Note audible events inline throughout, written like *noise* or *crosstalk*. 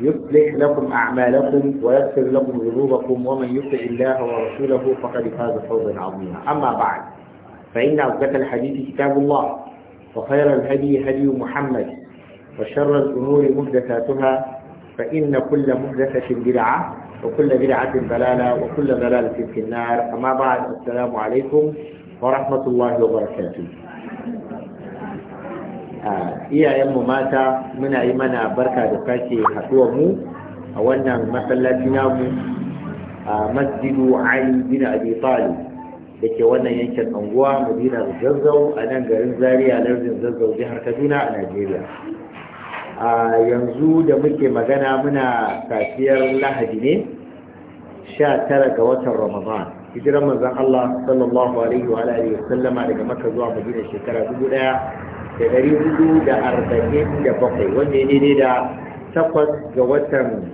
يصلح لكم أعمالكم ويغفر لكم ذنوبكم ومن يطع الله ورسوله فقد فاز فوزا عظيما أما بعد فإن أصدق الحديث كتاب الله وخير الهدي هدي محمد وشر الأمور محدثاتها فإن كل محدثة بدعة وكل بدعة ضلالة وكل ضلالة في النار أما بعد السلام عليكم ورحمة الله وبركاته iyayenmu mata muna yi mana barka da sake haɗuwar mu a wannan masallaci namu a masjidu ali bin abi talib da ke wannan yankin anguwa madina zazzau a nan garin zaria lardin zazzau jihar kaduna a najeriya a yanzu da muke magana muna safiyar lahadi ne sha tara ga watan ramadan hijiran manzon allah sallallahu alaihi wa alihi wa sallama daga maka zuwa madina shekara dubu ɗaya da ɗari hudu da arba'in da bakwai wanda ya da takwas ga watan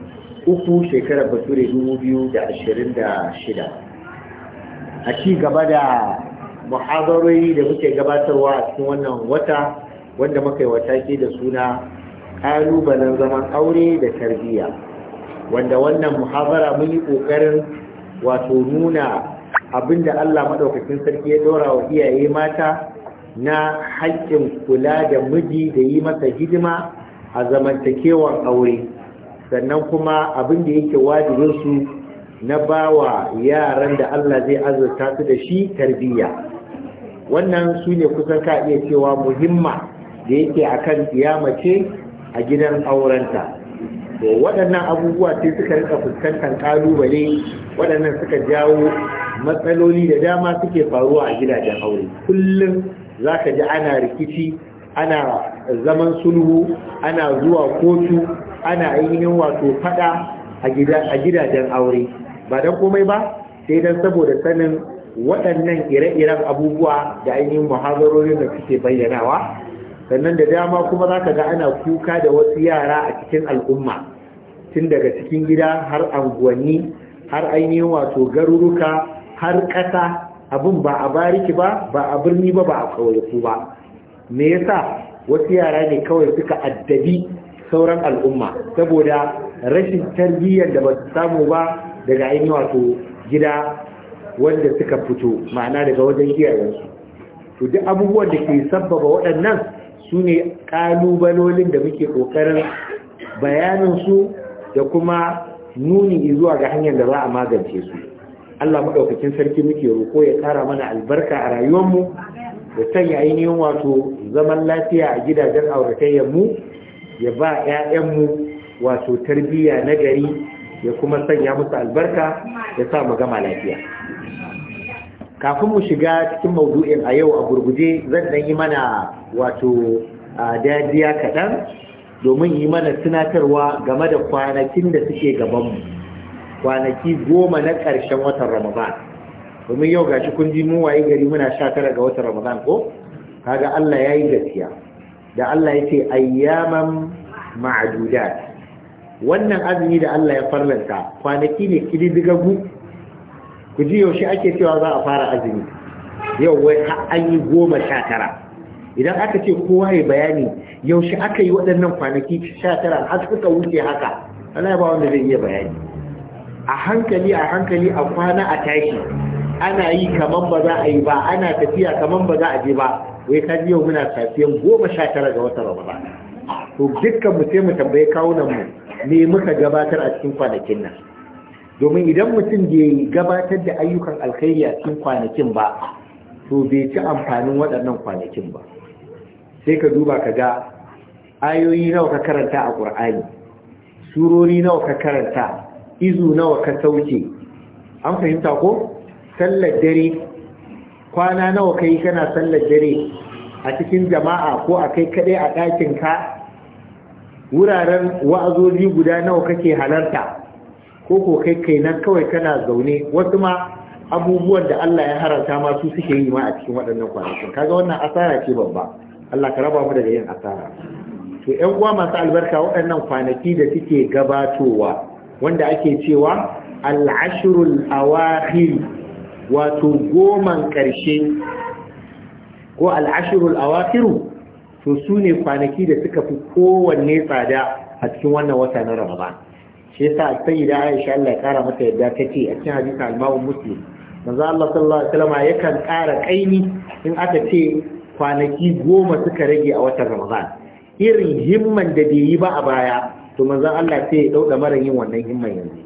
uku shekarar bature dubu biyu da ashirin da shida a ci gaba da muhadarori da muke gabatarwa a cikin wannan wata wanda muka yi wata ke da suna kalubalen zaman aure da tarbiyya wanda wannan muhazara mun yi ƙoƙarin wato nuna abinda Allah maɗaukakin sarki ya ɗora wa iyaye mata na haƙƙin kula da miji da yi masa hidima a zamantakewar aure sannan kuma abin da yake su na bawa yaran da Allah zai azurta su da shi tarbiyya wannan su ne kusan ka iya cewa muhimma da yake kan mace a gidan aurenta to waɗannan abubuwa sai suka rika fuskantar ƙalubale waɗannan suka jawo matsaloli da dama suke faruwa a gidajen aure kullum za ka ji ana rikici ana zaman sulhu ana zuwa kotu ana ainihin wato fada a gidajen aure ba don komai ba sai don saboda sanin waɗannan ire-iren abubuwa da ainihin muhazarorin da suke bayyanawa sannan da dama kuma za ka ga ana kuka da wasu yara a cikin al'umma tun daga cikin gida har anguwanni har ainihin wato garuruka har ƙasa abin ba a bariki ba ba a birni ba ba a ƙauyaku ba me yasa wasu yara ne kawai suka addabi sauran al'umma saboda rashin tarbiyyar da ba su samu ba daga ainihin wato gida wanda suka fito ma'ana daga wajen iyayensu to duk abubuwan da ke sabbaba waɗannan su ne ƙalubalolin da muke ƙoƙarin su da kuma nuni zuwa ga hanyar da za a magance su Allah maɗaukakin sarki muke roko ya ƙara mana albarka a rayuwar mu da sanya ainihin wato zaman lafiya a gidajen auratayyarmu ya ba 'ya'yanmu wato tarbiyya na gari ya kuma sanya musu albarka ya sa mu gama lafiya kafin mu shiga cikin maudu'in a yau a gurguje zan dan yi mana wato dadiya kaɗan domin yi mana tunatarwa game da kwanakin da suke gabanmu kwanaki goma na ƙarshen watan ramadan domin yau gashi kun ji mu waye gari muna sha tara ga watan ramadan ko kaga Allah ya yi gaskiya da Allah ya ce ayyaman ma'adudat wannan azumi da Allah ya farlanta kwanaki ne kididigagu ku ji yaushe ake cewa za a fara azumi yau wai har an yi goma sha tara idan aka ce kowa ya bayani yaushe aka yi waɗannan kwanaki sha tara har suka wuce haka Allah ya ba wanda zai iya bayani a hankali a hankali a kwana a tashi ana yi kaman ba za a yi ba ana tafiya kaman ba za a je ba wai ka ji yau muna safiyan goma sha tara ga wata ramadan to dukkan mu sai mu tambaye kawunan mu me muka gabatar a cikin kwanakin nan domin idan mutum bai gabatar da ayyukan alkhairi a cikin kwanakin ba to bai ci amfanin waɗannan kwanakin ba sai ka duba ka ga ayoyi nawa ka karanta a ƙur'ani surori nawa ka karanta izu nawa ka sauke an fahimta ko sallar dare kwana nawa kai kana sallar dare a cikin jama'a ko a kai kaɗai a ɗakin ka wuraren wa'azoji guda nawa kake halarta ko ko kai kai nan kawai kana zaune wasu ma abubuwan da Allah ya haranta ma su suke yi ma a cikin waɗannan kwanakin kaga wannan asara ce babba Allah ka raba mu daga yin asara to ƴan uwa masu albarka waɗannan kwanaki da suke gabatowa wanda ake cewa al'ashirul awakhir wato goman ƙarshe ko al'ashirul awakhiru to su ne kwanaki da suka fi kowanne tsada a cikin wannan wata na ramadan shi yasa sai da Aisha Allah ya kara mata yadda ce a cikin hadisi al Muslim manzo Allah sallallahu alaihi wasallam yakan kara kaini in aka ce kwanaki goma suka rage a watan Ramadan irin himman da bai yi ba a baya to manzon Allah sai ya dauka mara yin wannan himman yanzu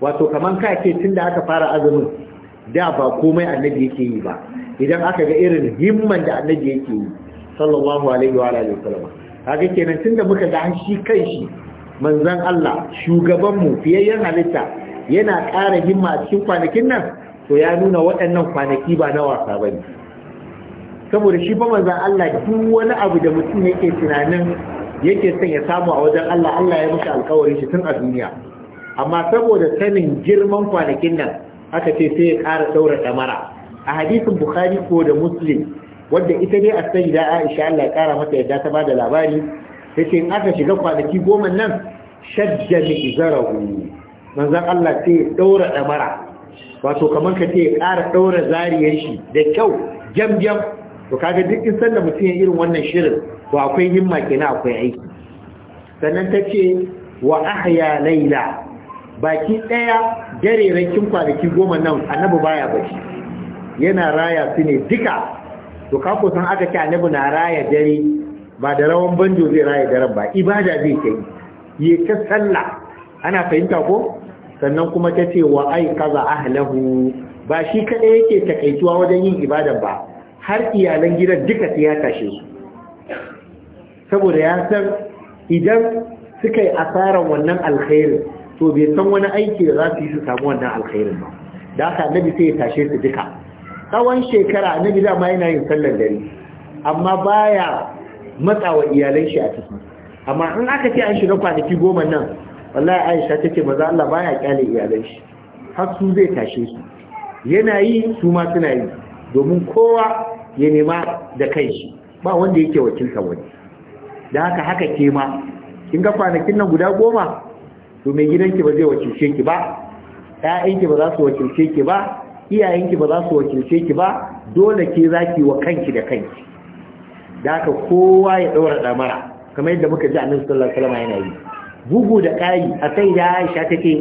wato kaman ka ce tunda aka fara azumin da ba komai annabi yake yi ba idan aka ga irin himman da annabi yake yi sallallahu alaihi wa alihi wasallam kaga kenan tunda muka ga shi shi manzon Allah shugaban mu fiyayyen halitta yana ƙara himma a cikin kwanakin nan to ya nuna waɗannan kwanaki ba na wasa bane saboda shi fa manzon Allah duk wani abu da mutum yake tunanin yake son ya samu a wajen Allah Allah ya mishi alkawarin shi tun a duniya amma saboda sanin girman kwanakin nan aka ce sai ya ƙara saura ɗamara a hadisin bukhari ko da muslim wadda ita dai a sani da aisha Allah ya ƙara mata yadda ta bada labari ta ce in aka shiga kwanaki goma nan shadda mi zarahu manzon Allah sai ya ɗaura ɗamara wato kamar ka ce ya ƙara ɗaura zariyar shi da kyau jam jam to kaga duk in sanda mutum ya irin wannan shirin to akwai himma kenan akwai aiki sannan ta ce wa ahya laila baki daya jarerakin kwanaki goma nan annabi baya bashi yana raya su ne duka to ka san aka ce annabi na raya dare ba da rawan banjo zai raya daren ba ibada zai kai yi ta sallah ana fahimta ko sannan kuma ta ce wa ai kaza ahlahu ba shi kada yake takaituwa wajen yin ibada ba har iyalan gidan duka sai ya tashe su saboda ya san idan suka yi asarar wannan alkhairin to bai san wani aiki da za su yi su samu wannan alkhairin ba da haka nabi sai ya tashe su duka tsawon shekara annabi ma yana yin sallar dare amma baya matsawa iyalan shi a ciki amma in aka ce an shiga kwanaki goma nan wallahi Aisha take maza Allah baya kyale iyalan shi har su zai tashe su yana yi su ma suna yi domin kowa ya nema da kai shi ba wanda yake wakiltar wani da haka haka ke ma kin ga kwanakin nan guda goma to mai gidanki ba zai wakilce ki ba ƴaƴanki ba za su wakilce ki ba iyayenki ba za su wakilce ki ba dole ke za ki wa kanki da kanki da haka kowa ya ɗaura ɗamara kamar yadda muka ji annabi sallallahu alaihi wasallam yana yi bugu da ƙari a kai da Aisha take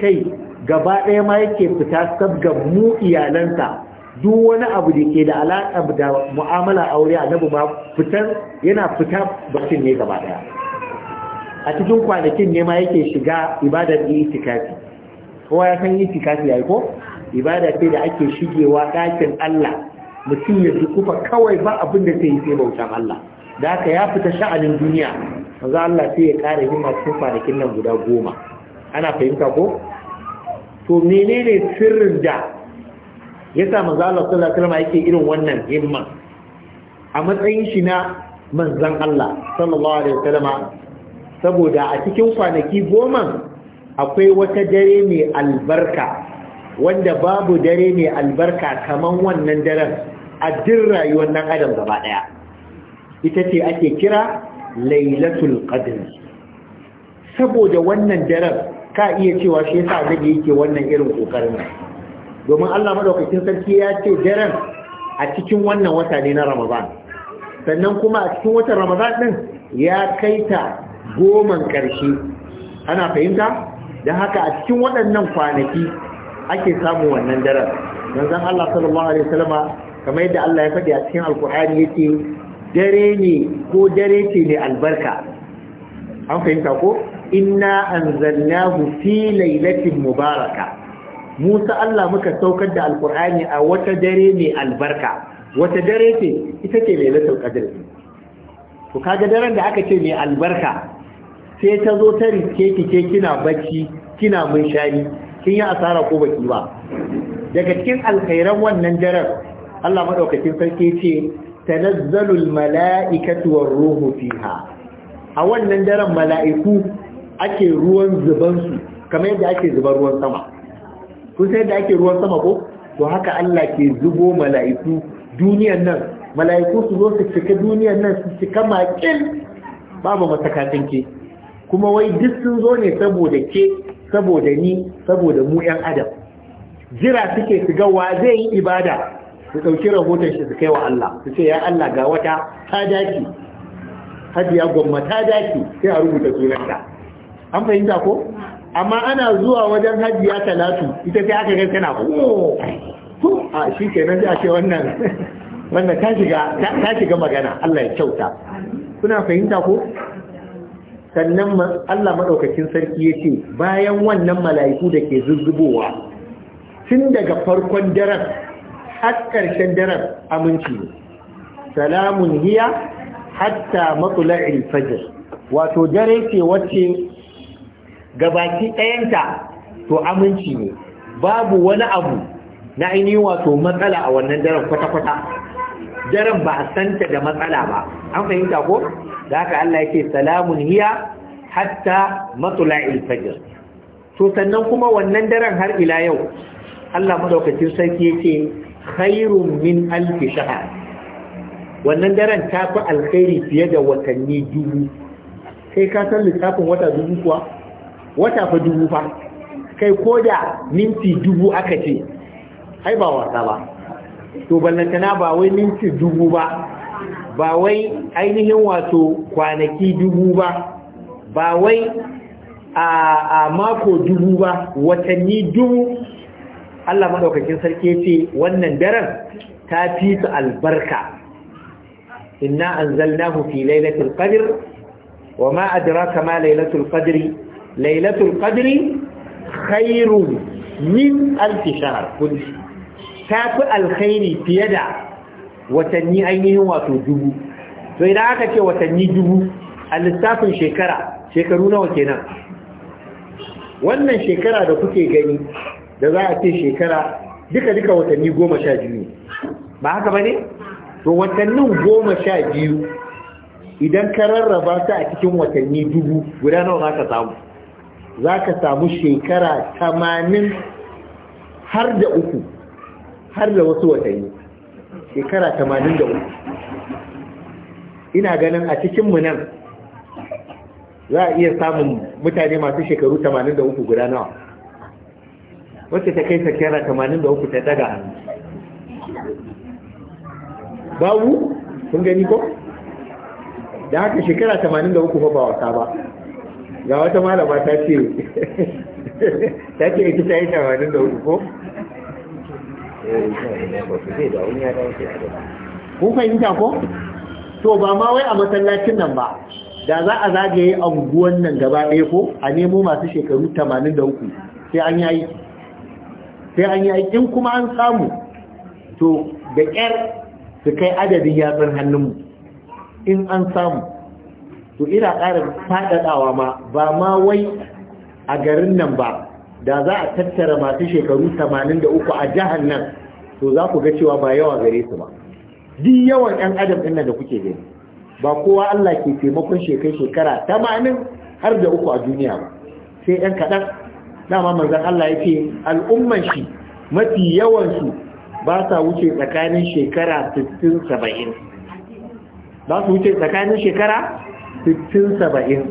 kai gaba ɗaya ma yake fita sabga mu iyalansa duk wani abu da ke da alaƙa da mu'amala aure annabi ma fitar yana fita batun ne gaba daya a cikin kwanakin ne ma yake shiga ibadar itikafi kowa ya san itikafi yayi ko ibada ce da ake shigewa ɗakin Allah mutum ya dukufa kawai ba abin da sai sai bautan Allah da haka ya fita sha'anin duniya manzo Allah sai ya ƙara himma cikin kwanakin nan guda goma ana fahimta ko to menene sirrin da Ya sa maza Allah sallallahu alaihi wasallam yake irin wannan himma a matsayin shi na manzon Allah sallallahu alaihi wasallam saboda a cikin kwanaki goma akwai wata dare mai albarka wanda babu dare mai albarka kamar wannan daren a din rayuwar nan adam gaba daya ita ce ake kira lailatul qadr saboda wannan daren ka iya cewa shi yasa annabi yake wannan irin kokarin nan domin Allah maɗaukacin sarki ya ce daren a cikin wannan wata ne na Ramadan sannan kuma a cikin watan Ramadan din ya kaita goman ƙarshe ana fahimta da haka a cikin waɗannan kwanaki ake samun wannan daren manzon Allah sallallahu alaihi kamar yadda Allah ya faɗi a cikin alkur'ani yake dare ne ko dare ce ne albarka an fahimta ko inna anzalnahu fi lailatin mubaraka Musa Allah muka saukar da alkur'ani a wata dare mai albarka wata dare ce ita ce lailatul qadr to kaga daren da aka ce mai albarka sai ta zo ta rike ki ke kina bacci kina munshari kin yi asara ko baki ba daga cikin alkhairan wannan daren Allah madaukakin sarki ce tanazzalul mala'ikatu war ruhu fiha a wannan daren mala'iku ake ruwan kamar yadda ake zuban ruwan sama kun sai da ake ruwan sama ko to haka Allah ke zubo mala'iku duniyan nan mala'iku su zo su cika duniyan nan su cika makin babu masakatin ke kuma wai duk sun zo ne saboda ke saboda ni saboda mu yan adam jira suke su ga wa zai yi ibada su ɗauki rahoton shi su kai wa Allah su ce ya Allah ga wata ta daki hajiya gwamma ta daki sai a rubuta sunanta an fahimta ko amma ana zuwa wajen hajiya talatu ita sai aka gaisa na oh, a shi ke nan a wannan *laughs* wannan ta shiga magana Allah ya kyauta kuna fahimta ko sannan Allah maɗaukakin sarki ya ce bayan wannan mala'iku da ke zuzzubowa tun daga farkon daren har ƙarshen daren aminci ne salamun hiya hatta matla'il fajr wato dare ce wacce gabaki ɗayanta to aminci ne babu wani abu na ainihin wato matsala a wannan daren kwata-kwata daren ba a santa da matsala ba an fahimta ko da haka Allah yake salamun hiya hatta matla'il fajr to sannan kuma wannan daren har ila yau Allah madaukakin sarki yake khairun min alfi wannan daren ta fi alkhairi fiye da watanni dubu kai ka san littafin wata dubu kuwa wata fa dubu fa kai ko da minti dubu aka ce ai ba wasa ba to ballantana ba wai minti dubu ba ba wai ainihin wato kwanaki dubu ba ba wai a mako dubu ba watanni dubu Allah maɗaukakin sarki ya ce wannan daren ta fi su albarka inna anzalnahu fi lailatul qadr wa ma adraka ma lailatul qadri lailatul qadri Khairu, min alf shahr kun tafi alkhairi fiye da watanni ainihin wato dubu to idan aka ce watanni dubu a lissafin shekara shekaru nawa kenan wannan shekara da kuke gani da za a ce shekara duka duka watanni goma sha biyu ba haka ba ne? to watannin goma sha biyu idan ka rarraba ta a cikin watanni dubu guda nawa za ka samu za ka samu shekara tamanin har da uku har da wasu watanni shekara tamanin da uku ina ganin a cikinmu nan za a iya samun mutane masu shekaru tamanin da uku guda nawa wacce ta kai shekara tamanin da uku ta daga hannu babu sun gani ko da haka shekara tamanin da uku ba wasa ba ga wata malama ta ce ta ce ita ta yi tamanin da uku ko? kun fahimta ko? to ba ma wai a masallacin nan ba da za a zagaye anguwan nan gaba ɗaya ko a nemo masu shekaru tamanin da uku sai an yayi sai an yayi in kuma an samu to da ƙyar su kai adadin yatsun hannunmu in an samu to ina ƙarin faɗaɗawa ma ba ma wai a garin nan ba da za a tattara masu shekaru 83 a jihar nan to za ku ga cewa ba yawa gare su ba duk yawan 'yan adam ɗin da kuke gani ba kowa Allah ke taimakon shekai shekara 80 har da uku a duniya ba sai 'yan kaɗan dama manzan Allah ya ce al'umman shi mafi yawansu ba sa wuce tsakanin shekara 60-70 ba su wuce tsakanin shekara sittin saba'in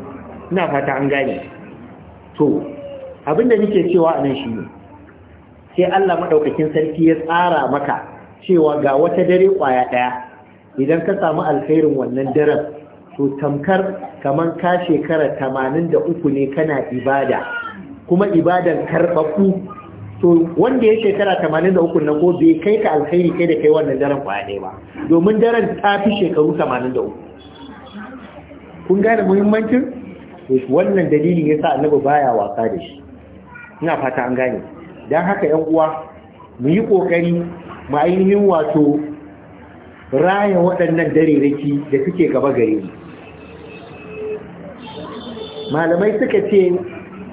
na fata an gane to abinda nake cewa a nan shi ne sai Allah maɗaukakin sarki ya tsara maka cewa ga wata dare kwaya ɗaya idan ka samu alkhairin wannan daren to tamkar kamar ka shekara tamanin ne kana ibada kuma ibadan karɓaɓɓu to wanda ya shekara tamanin na ko bai kai ka alkhairi kai da kai wannan daren ƙwaya ɗaya ba domin daren ta fi shekaru tamanin kun gane muhimmancin wannan dalilin ya sa annabi baya wasa da shi ina fata an gane dan haka yan uwa mu yi kokari mu ainihin wato raya waɗannan dareraki da suke gaba gare mu malamai suka ce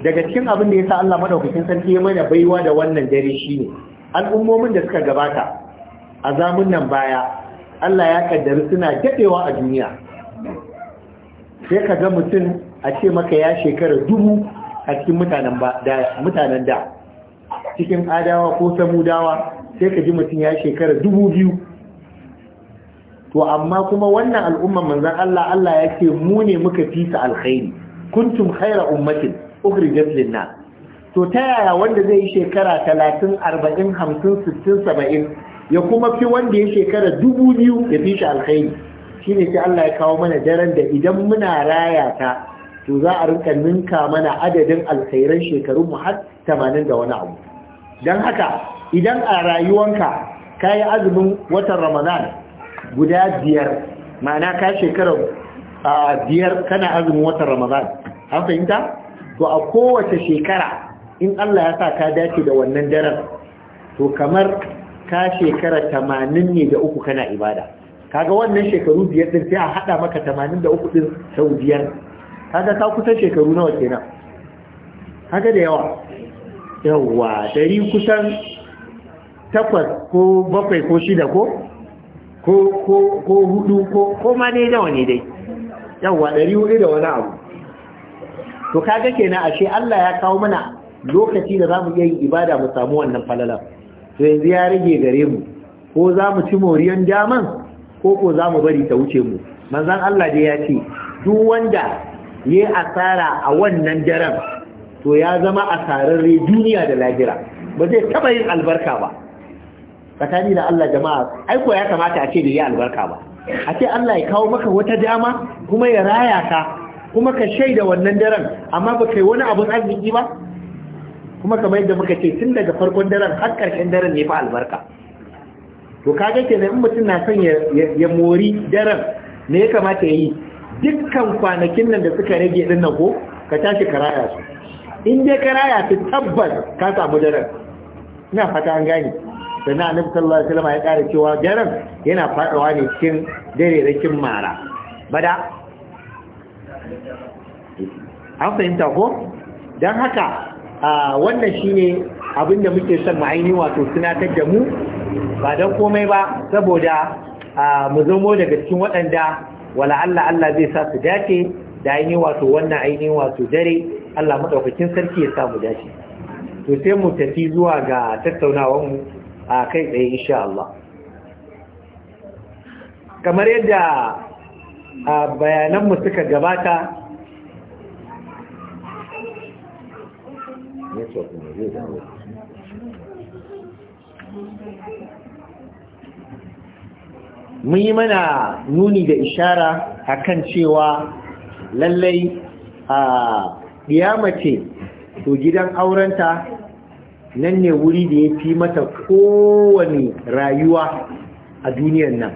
daga cikin abin da ya sa Allah madaukakin sarki ya mana baiwa da wannan dare shine al'ummomin da suka gabata a zamun nan baya Allah ya kaddara suna dadewa a duniya sai ka ga mutum a ce maka ya shekara dubu a cikin mutanen da cikin adawa ko samudawa sai ka ji mutum ya shekara dubu biyu to amma kuma wannan al'umman manzan Allah Allah ya ce mu ne muka fi su alkhairi kuntum khaira ummatin ukhrijat linnas to ta yaya wanda zai yi shekara talatin arba'in hamsin sittin saba'in ya kuma fi wanda ya shekara dubu biyu ya fi shi alkhairi ne sai Allah ya kawo mana daren da idan muna raya ta to za a rinka ninka mana adadin alkhairan shekarun mu har 80 da wani abu dan haka idan a rayuwanka kayi azumin watan Ramadan guda biyar ma'ana ka shekara biyar kana azumin watan Ramadan an fahimta to a kowace shekara in Allah ya sa ka dace da wannan daren to kamar ka shekara 80 ne da uku kana ibada kaga wannan shekaru biyar din sai a hada maka 83 din sau biyar kaga ka kusan shekaru nawa kenan kaga da yawa yawa dari kusan takwas ko bakwai ko shida ko ko ko ko hudu ko ko ma ne nawa ne dai yawa dari hudu da wani abu to kaga kenan ashe Allah ya kawo mana lokaci da zamu iya yin ibada mu samu wannan falala to yanzu ya rage gare mu ko za mu ci moriyan jaman? Koko za mu bari ta wuce mu manzan Allah dai ya ce duk wanda ya asara a wannan daren to ya zama asararre duniya da lahira ba zai taba yin albarka ba tsakani da Allah jama'a aiko ya kamata a ce da yi albarka ba a ce Allah ya kawo maka wata dama kuma ya raya ka kuma ka shaida wannan daren amma ba kai wani abun arziki ba kuma kamar yadda muka ce tun daga farkon daren har ƙarshen daren ne fa albarka to kaga kenan in mutum na son ya mori daren ne ya kamata yi dukkan kwanakin nan da suka rage din nan ko ka tashi karaya su in dai karaya su tabbas ka samu daren ina fata an gane sannan annabi sallallahu alaihi wasallam ya kara cewa daren yana fadawa ne cikin cikin mara bada an fahimta ko dan haka wannan shine abin da muke son ma'aini wato tunatar da mu ba don komai ba saboda mu zomo daga cikin waɗanda wala Allah Allah zai sa su dace da ainihin wato wannan ainihin wato dare Allah maɗaukakin sarki ya sa mu dace to sai mu tafi zuwa ga tattaunawar mu a kai tsaye insha Allah kamar yadda bayananmu suka gabata network ne zai dawo mun yi mana nuni da ishara a kan cewa lallai a mace to gidan aurenta nan ne wuri da ya fi mata kowane rayuwa a duniyar nan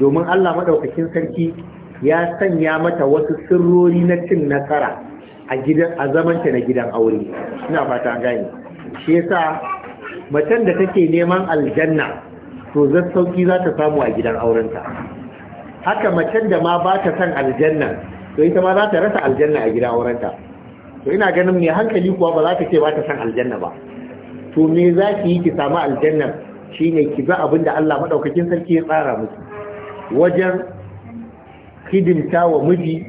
domin Allah maɗaukakin sarki ya sanya mata wasu sirrori na cin nasara a gidan a zamanta na gidan aure ina fata gani shi yasa macen da take neman aljanna to zai sauki za ta samu a gidan aurenta haka macen da ma ba ta san aljanna to ita ma za ta rasa aljanna a gidan aurenta to ina ganin mai hankali kuwa ba za ta ce ba ta san aljanna ba to me za ki yi ki samu aljanna shi ne ki za abin da Allah maɗaukakin sarki ya tsara musu wajen hidimta wa miji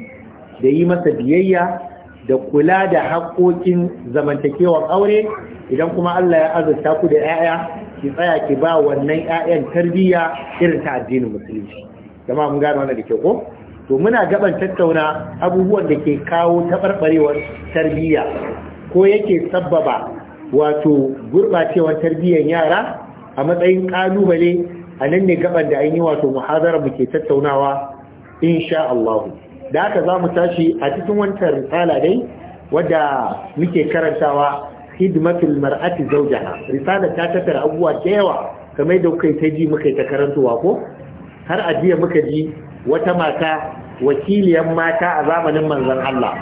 da yi masa biyayya da kula da haƙoƙin zamantakewar aure idan kuma Allah ya azurta ku da 'ya'ya ki tsaya ki ba wannan ƴaƴan tarbiyya irin ta addinin musulunci jama'a mun gano wannan da ke ko to muna gaban tattauna abubuwan da ke kawo taɓarɓarewar tarbiyya ko yake sabbaba wato gurɓacewar tarbiyyar yara a matsayin ƙalubale a nan ne gaban da an yi wato muhazara mu ke tattaunawa insha Allah da haka za mu tashi a cikin wancan risala dai wadda muke karantawa hidmatul mar'ati zawjaha risala ta tattara abubuwa da yawa kamar da kuka ta ji muka ta karantowa ko har a jiya muka ji wata mata wakiliyan mata a zamanin manzon Allah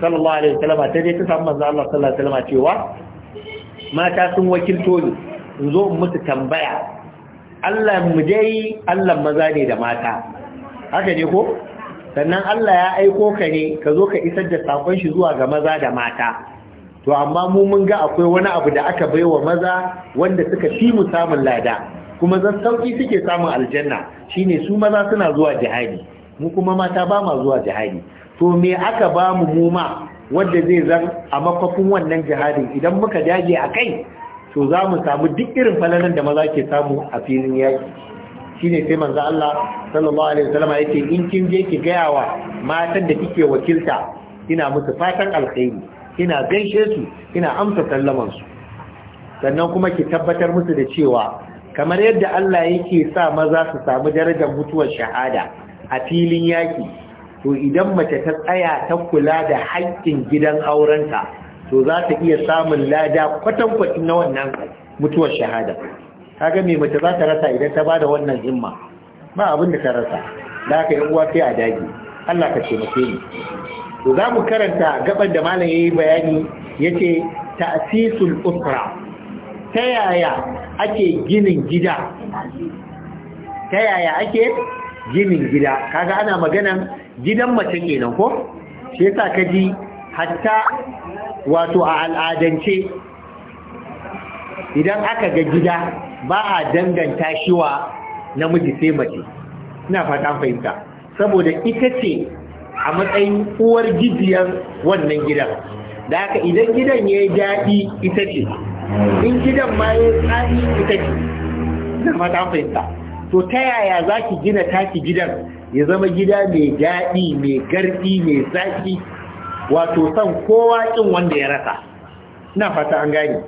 sallallahu alaihi wasallam ta je ta samu manzon Allah sallallahu alaihi wasallam cewa mata sun wakilto ni in zo in musu tambaya Allah mu dai Allah maza ne da mata haka ne ko sannan Allah ya aiko ka ne ka zo ka isar da sakon shi zuwa ga maza da mata to amma mu mun ga akwai wani abu da aka bai wa maza wanda suka fi mu samun lada kuma zan sauki suke samun aljanna shine su maza suna zuwa jihadi mu kuma mata ba ma zuwa jihadi to me aka ba mu mu ma wanda zai zan a makafin wannan jihadi idan muka dage a kai to za mu samu duk irin falalan da maza ke samu a filin yaki shine sai manzo Allah sallallahu alaihi wasallam yake in kin je ki gaya wa matan da kike wakilta ina musu fatan alkhairi kina gaishe su kina amsa sallaman su sannan kuma ki tabbatar musu da cewa kamar yadda Allah yake sa maza su samu darajar mutuwar shahada a filin yaki to idan mace ta tsaya ta kula da haƙƙin gidan aurenta to za ta iya samun lada kwatankwacin na wannan mutuwar shahada kaga me mace za ta rasa idan ta bada wannan himma ba abin da ta rasa da haka yan uwa sai a dage Allah ka taimake ni to za mu karanta gaban da malam ya yi bayani ya ce ta'sisul usra ta yaya ake ginin gida ta yaya ake ginin gida kaga ana maganan gidan mace kenan ko shi yasa ji hatta wato a al'adance idan aka ga gida ba a danganta shi wa namiji sai mace ina fata fahimta saboda ita ce a matsayin uwar gijiyan wannan gidan da haka idan gidan ya yi daɗi ita ce in gidan ma ya yi tsari ita ce na mata fahimta to ta yaya za ki gina taki gidan ya zama gida mai daɗi mai garɗi mai zaki wato son kowa ƙin wanda ya rasa na fata an gane.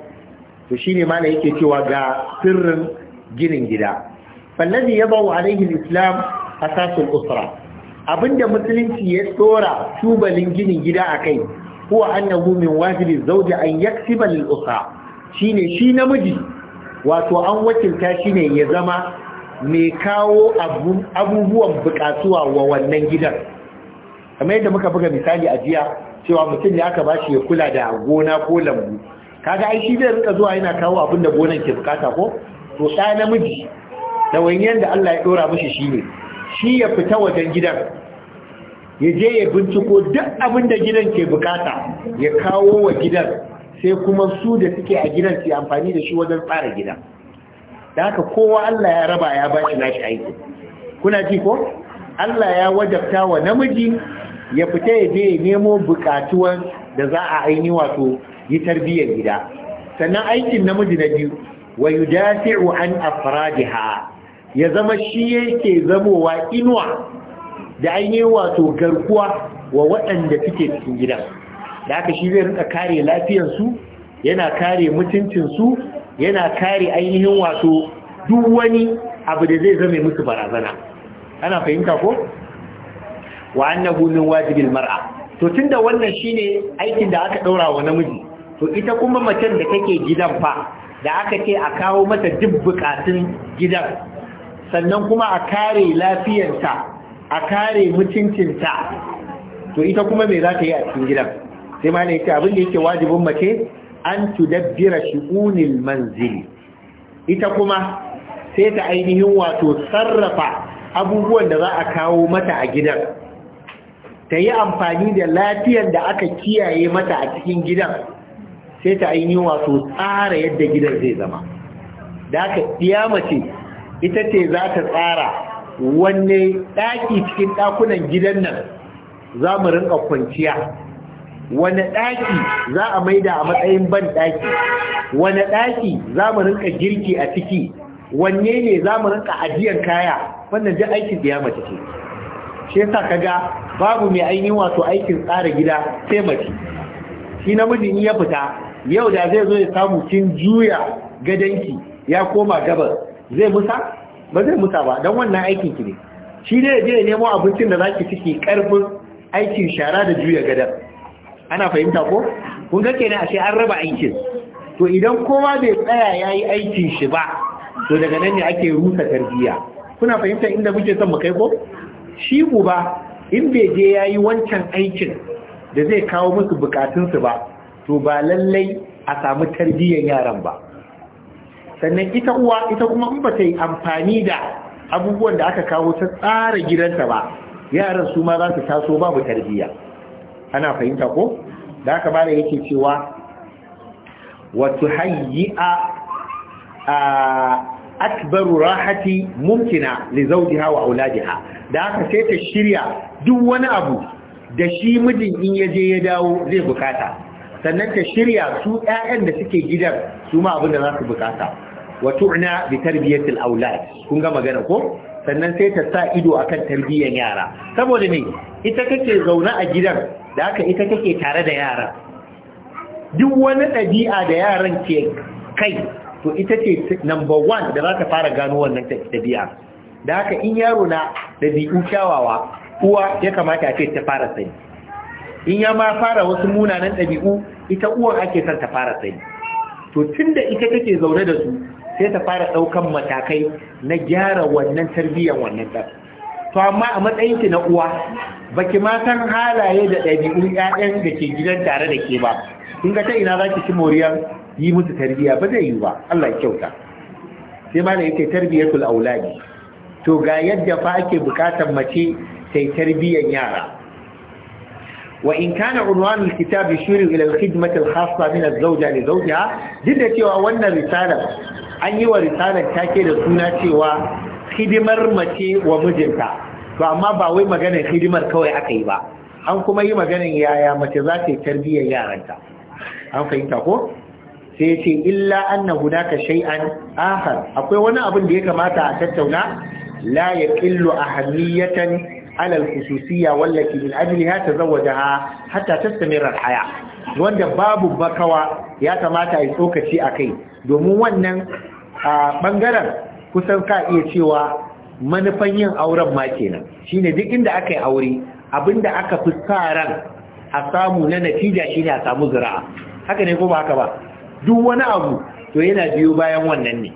to shi ne mana yake cewa ga sirrin ginin gida fallazi ya bawa alaihi islam asasul usra Abin da musulunci ya tsora tubalin ginin gida a kai huwa annahu min wajibi zawji an yaksiba lil shine shi namiji wato an wakilta shine ya zama mai kawo abubuwan bukatuwa wa wannan gidan kamar yadda muka buga misali a jiya cewa mutum ne aka bashi ya kula da gona ko lambu kaga ai shi zai rika zuwa yana kawo abin da gonan ke bukata ko to da namiji da wanyan da Allah ya dora mishi shine shi ya fita wajen gidan ya je ya binciko duk abin da gidan ke bukata ya kawo wa gidan sai kuma su da suke a gidan su amfani da shi wajen tsara gidan da haka kowa Allah ya raba ya bashi nashi aiki kuna ji ko Allah ya wajabta wa namiji ya fita ya je ya nemo bukatuwan da za a aini wato yi tarbiyyar gida sannan aikin namiji na biyu wa an afradiha ya zama shi yake zamowa inuwa da ainihin wato garkuwa wa waɗanda suke cikin gidan da aka shi zai rika kare lafiyarsu yana kare mutuncinsu yana kare ainihin wato duk wani abu da zai zame musu barazana ana fahimta ko wa annahu min wajibil mar'a to tunda wannan shine aikin da aka daura wa namiji to ita kuma macen da take gidan fa da aka ce a kawo mata duk bukatun gidan sannan kuma a kare lafiyarsa a kare mutuncinta to ita kuma mai za ta yi a cikin gidan sai ma ne abin da yake wajibin mace an tudabbira shi'unil manzili ita kuma sai ta ainihin wato sarrafa abubuwan da za a kawo mata a gidan ta yi amfani da lafiyar da aka kiyaye mata a cikin gidan sai ta ainihin wato tsara yadda gidan zai zama da aka mace ita ce za ta tsara wanne ɗaki cikin ɗakunan gidan nan za mu rinka kwanciya wane ɗaki za a maida a matsayin ban ɗaki wane ɗaki za mu rinka girki a ciki wanne ne za mu rinka ajiyar kaya wannan duk aikin da ya mace ce shi yasa kaga babu mai ainihin wato aikin tsara gida sai mace shi namijin ya fita yau da zai zo ya samu kin juya gadanki ya koma gabas zai musa ba zai musa ba don wannan aikin ki ne shi ne je nemo abincin da zaki ciki karfin aikin shara da juya gadar ana fahimta ko kun ga kenan ashe an raba aikin to idan kowa bai tsaya yayi aikin shi ba to daga nan ne ake rusa tarbiyya kuna fahimta inda muke son mu kai ko shi uba in bai je yayi wancan aikin da zai kawo musu bukatunsu ba to ba lallai a samu tarbiyyar yaran ba sannan ita uwa ita kuma in ba ta yi amfani da abubuwan da aka kawo ta tsara gidanta ba yaran su ma za su taso babu tarbiyya ana fahimta ko da aka bada yake cewa wato hayyi'a akbaru rahati mumkina li zawjiha wa auladiha da aka sai ta shirya duk wani abu da shi mijin in ya je ya dawo zai bukata sannan ta shirya su ƴaƴan da suke gidan su ma abin da za su bukata wa tu'na bi tarbiyatil aulad kun ga magana ko sannan sai ta sa ido akan tarbiyyar yara saboda ne ita kake zaune a gidan da haka ita kake tare da yara duk wani ɗabi'a da yaran ke kai to ita ce number one da za ta fara gano wannan ɗabi'a da haka in yaro na ɗabi'u kyawawa uwa ya kamata a ce ta fara sani in ya ma fara wasu munanan ɗabi'u ita uwan ake son ta fara sani to tun ita kake zaune da su sai ta fara ɗaukan matakai na gyara wannan tarbiyyar wannan ɗan to amma a matsayin ki na uwa baki ma san halaye da ɗabi'un 'ya'yan da ke gidan tare da ke ba kin ga ta ina za ki ci moriyar yi musu tarbiyya ba zai yi ba Allah kyauta sai ma da yake tarbiyatul auladi to ga yadda fa ake buƙatar mace ta yi tarbiyyar yara Wa in kana unwanu كان shirin الكتاب يشير إلى الخدمة الخاصة من الزوجة Duk da cewa wannan risalar an yi wa risalar take da suna cewa hidimar mace wa mijinta to amma ba wai maganar hidimar kawai aka yi ba an kuma yi maganar yaya mace za ta yi tarbiyyar yaranta an fahimta ko sai ce illa anna hunaka shay'an akhar akwai wani abin da ya kamata a tattauna la yaqillu a ala alal khususiyya wallati min ajliha ha hatta ta al-haya wanda babu bakawa ya kamata a yi tsokaci kai, domin wannan a ɓangaren kusan ka iya cewa manufan yin auren ma kenan shi ne duk inda aka yi aure abinda aka fi sa ran a samu na natija ne a samu zira'a haka ne ko ba haka ba duk wani abu to yana biyo bayan wannan ne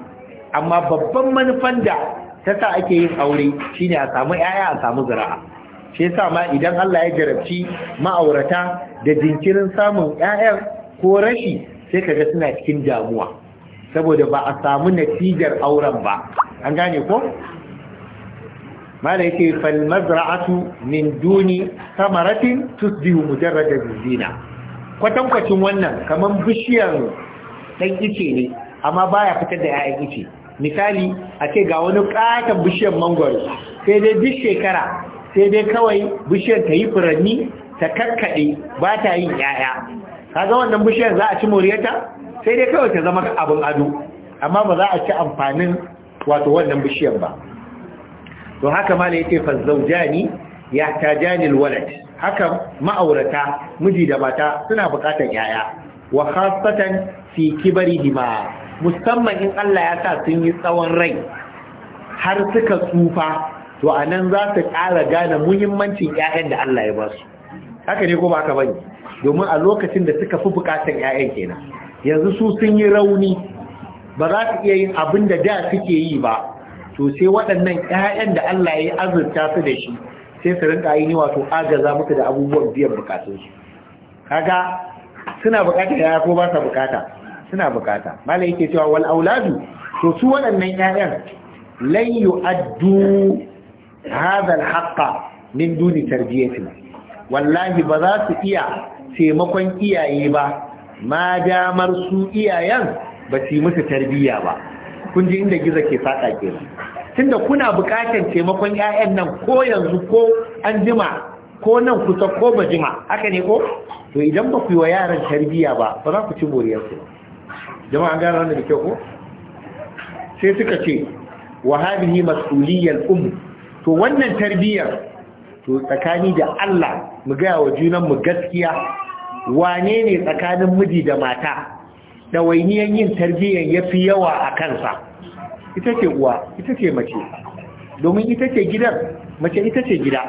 amma babban manufan da ta sa ake yin aure shi ne a samu yaya a samu zira'a shi sa ma idan Allah ya jarabci ma'aurata da jinkirin samun yayan ko rashi sai kaga suna cikin damuwa saboda ba a samu natijar auren ba an gane ko mala yake fal mazra'atu min duni samaratin tusbihu mujarrada zina kwacin wannan kaman bishiyar dan ice ne amma baya fitar da 'ya'yan ice misali a ce ga wani katon bishiyar mangwaro sai dai duk shekara sai dai kawai bishiyar ta yi furanni ta kakkaɗe ba ta yin 'ya'ya kaga wannan bishiyar za a ci moriyarta sai dai kawai ta zama abin ado amma ba za a ci amfanin wato wannan bishiyar ba to haka ma yake fazzaujani ya ta tajani walad haka ma'aurata miji da mata suna bukatar yaya wa khasatan fi kibarihima musamman in Allah ya sa sun yi tsawon rai har suka tsufa to anan za su ƙara gane muhimmancin ƴaƴan da Allah ya ba su haka ne ko ba haka bane domin a lokacin da suka fi bukatar ƴaƴan kenan yanzu su sun yi rauni ba za su iya yin abin da da suke yi ba to sai waɗannan ƴaƴan da Allah ya azurta su da shi sai su rinka yi wato agaza muku da abubuwan biyan su kaga suna bukata ya ko ba sa bukata suna bukata malai yake cewa wal auladu to su waɗannan ƴaƴan lan yu'addu hadha al-haqqa min duni tarbiyati wallahi ba za su iya taimakon iyaye ba ma damar su iyayen ba su yi musu tarbiyya ba kun ji inda gizo ke saƙa ke tunda kuna bukatar taimakon 'ya'yan nan ko yanzu ko an jima ko nan kusa ko ba jima haka ne ko to idan ba ku yi wa yaran tarbiyya ba ba za ku ci moriyarsu ba jama'a gane wannan da kyau ko sai suka ce wa hadhihi mas'uliyyal um to wannan tarbiyyar to tsakani da Allah mu ga wa junan mu gaskiya wane ne tsakanin miji da mata ɗawainiyan yin tarbiyyar ya fi yawa a kansa ita ce uwa ita ce mace domin ita ce gidan mace ita ce gida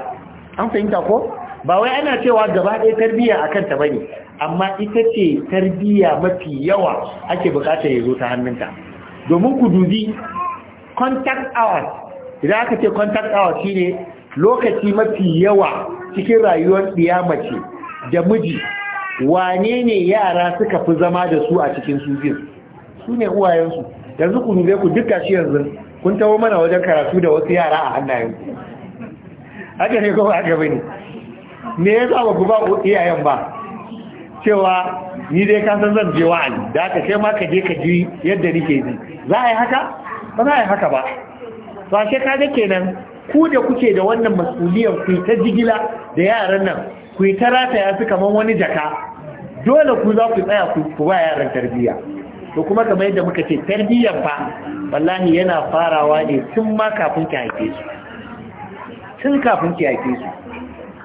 an fahimta ko ba wai ana cewa gaba ɗaya tarbiyyar a kanta ba ne amma ita ce tarbiyyar mafi yawa ake bukatar ya zo ta hannunta domin ku dubi contact hours idan aka ce contact hours shine lokaci mafi yawa cikin rayuwar ɗiya mace da miji wane ne yara suka fi zama da su a cikin sufin su ne uwayensu yanzu ku nube ku duka shi yanzu kun taho mana wajen karatu da wasu yara a hannayen haka ne kuma aka bane me yasa ba ku iyayen ba cewa ni dai ka san zan je wa'ani da aka ce ma ka je ka ji yadda nake ji za a yi haka ba za a yi haka ba to ashe ka ga kenan ku da kuke da wannan masuliyar ku ta jigila da yaran nan ku yi ta ya fi kamar wani jaka dole ku za ku tsaya ku ba yaran tarbiyya to kuma kamar yadda muka ce tarbiyyar fa wallahi yana farawa ne tun ma kafin ki haife su tun kafin ki haife su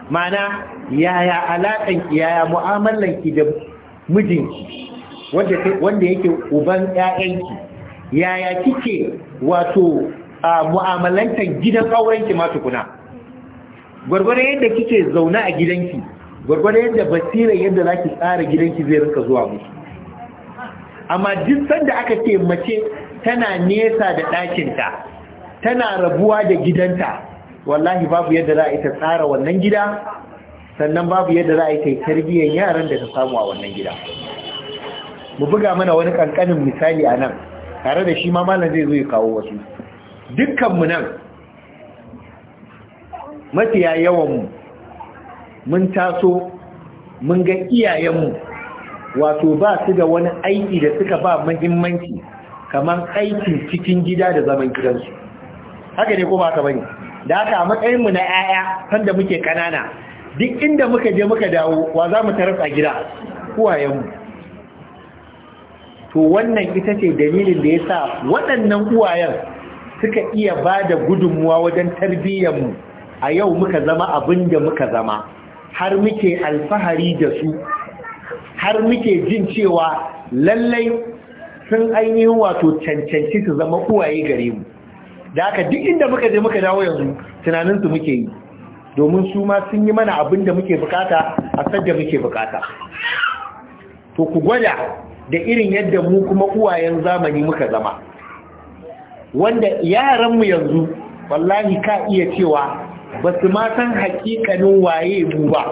Ma'ana yaya alaƙan ki yaya mu'amalan ki da mijinki wanda wanda yake uban ƴaƴanki yaya kike wato mu'amalantar gidan aurenki ma tukuna gwargwadon yadda kike zaune a gidanki gwargwadon yadda basira yadda za ki tsara gidanki zai rinka zuwa musu amma duk sanda aka ce mace tana nesa da ɗakinta tana rabuwa da gidanta wallahi babu yadda za a ita tsara wannan gida sannan babu yadda za a ita tarbiyyar yaran da ta samu a wannan gida mu buga mana wani kankanin misali a nan tare da shi ma malam zai zo ya kawo wasu dukkanmu nan mafiya yawanmu mun taso mun ga iyayenmu wato ba su da wani aiki da suka ba mahimmanci kamar aikin cikin gida da zaman gidansu haka ne ko ka bane da haka a matsayinmu na 'ya'ya da muke kanana duk inda muka je muka dawo wa za mu tarasa gida uwayenmu to wannan ita ce dalilin da ya sa waɗannan uwayen suka iya ba da gudunmuwa wajen tarbiyyarmu a yau muka zama abin da muka zama har muke alfahari da su har muke jin cewa lallai sun ainihin wato cancanci su zama uwaye gare mu da aka duk inda muka je muka dawo yanzu tunaninsu muke yi domin su ma sun yi mana abin da muke bukata a sadda muke bukata to ku gwada da irin yadda mu kuma uwayen zamani muka zama wanda yaranmu yanzu wallahi ka iya cewa ba su ma san hakikanin waye mu ba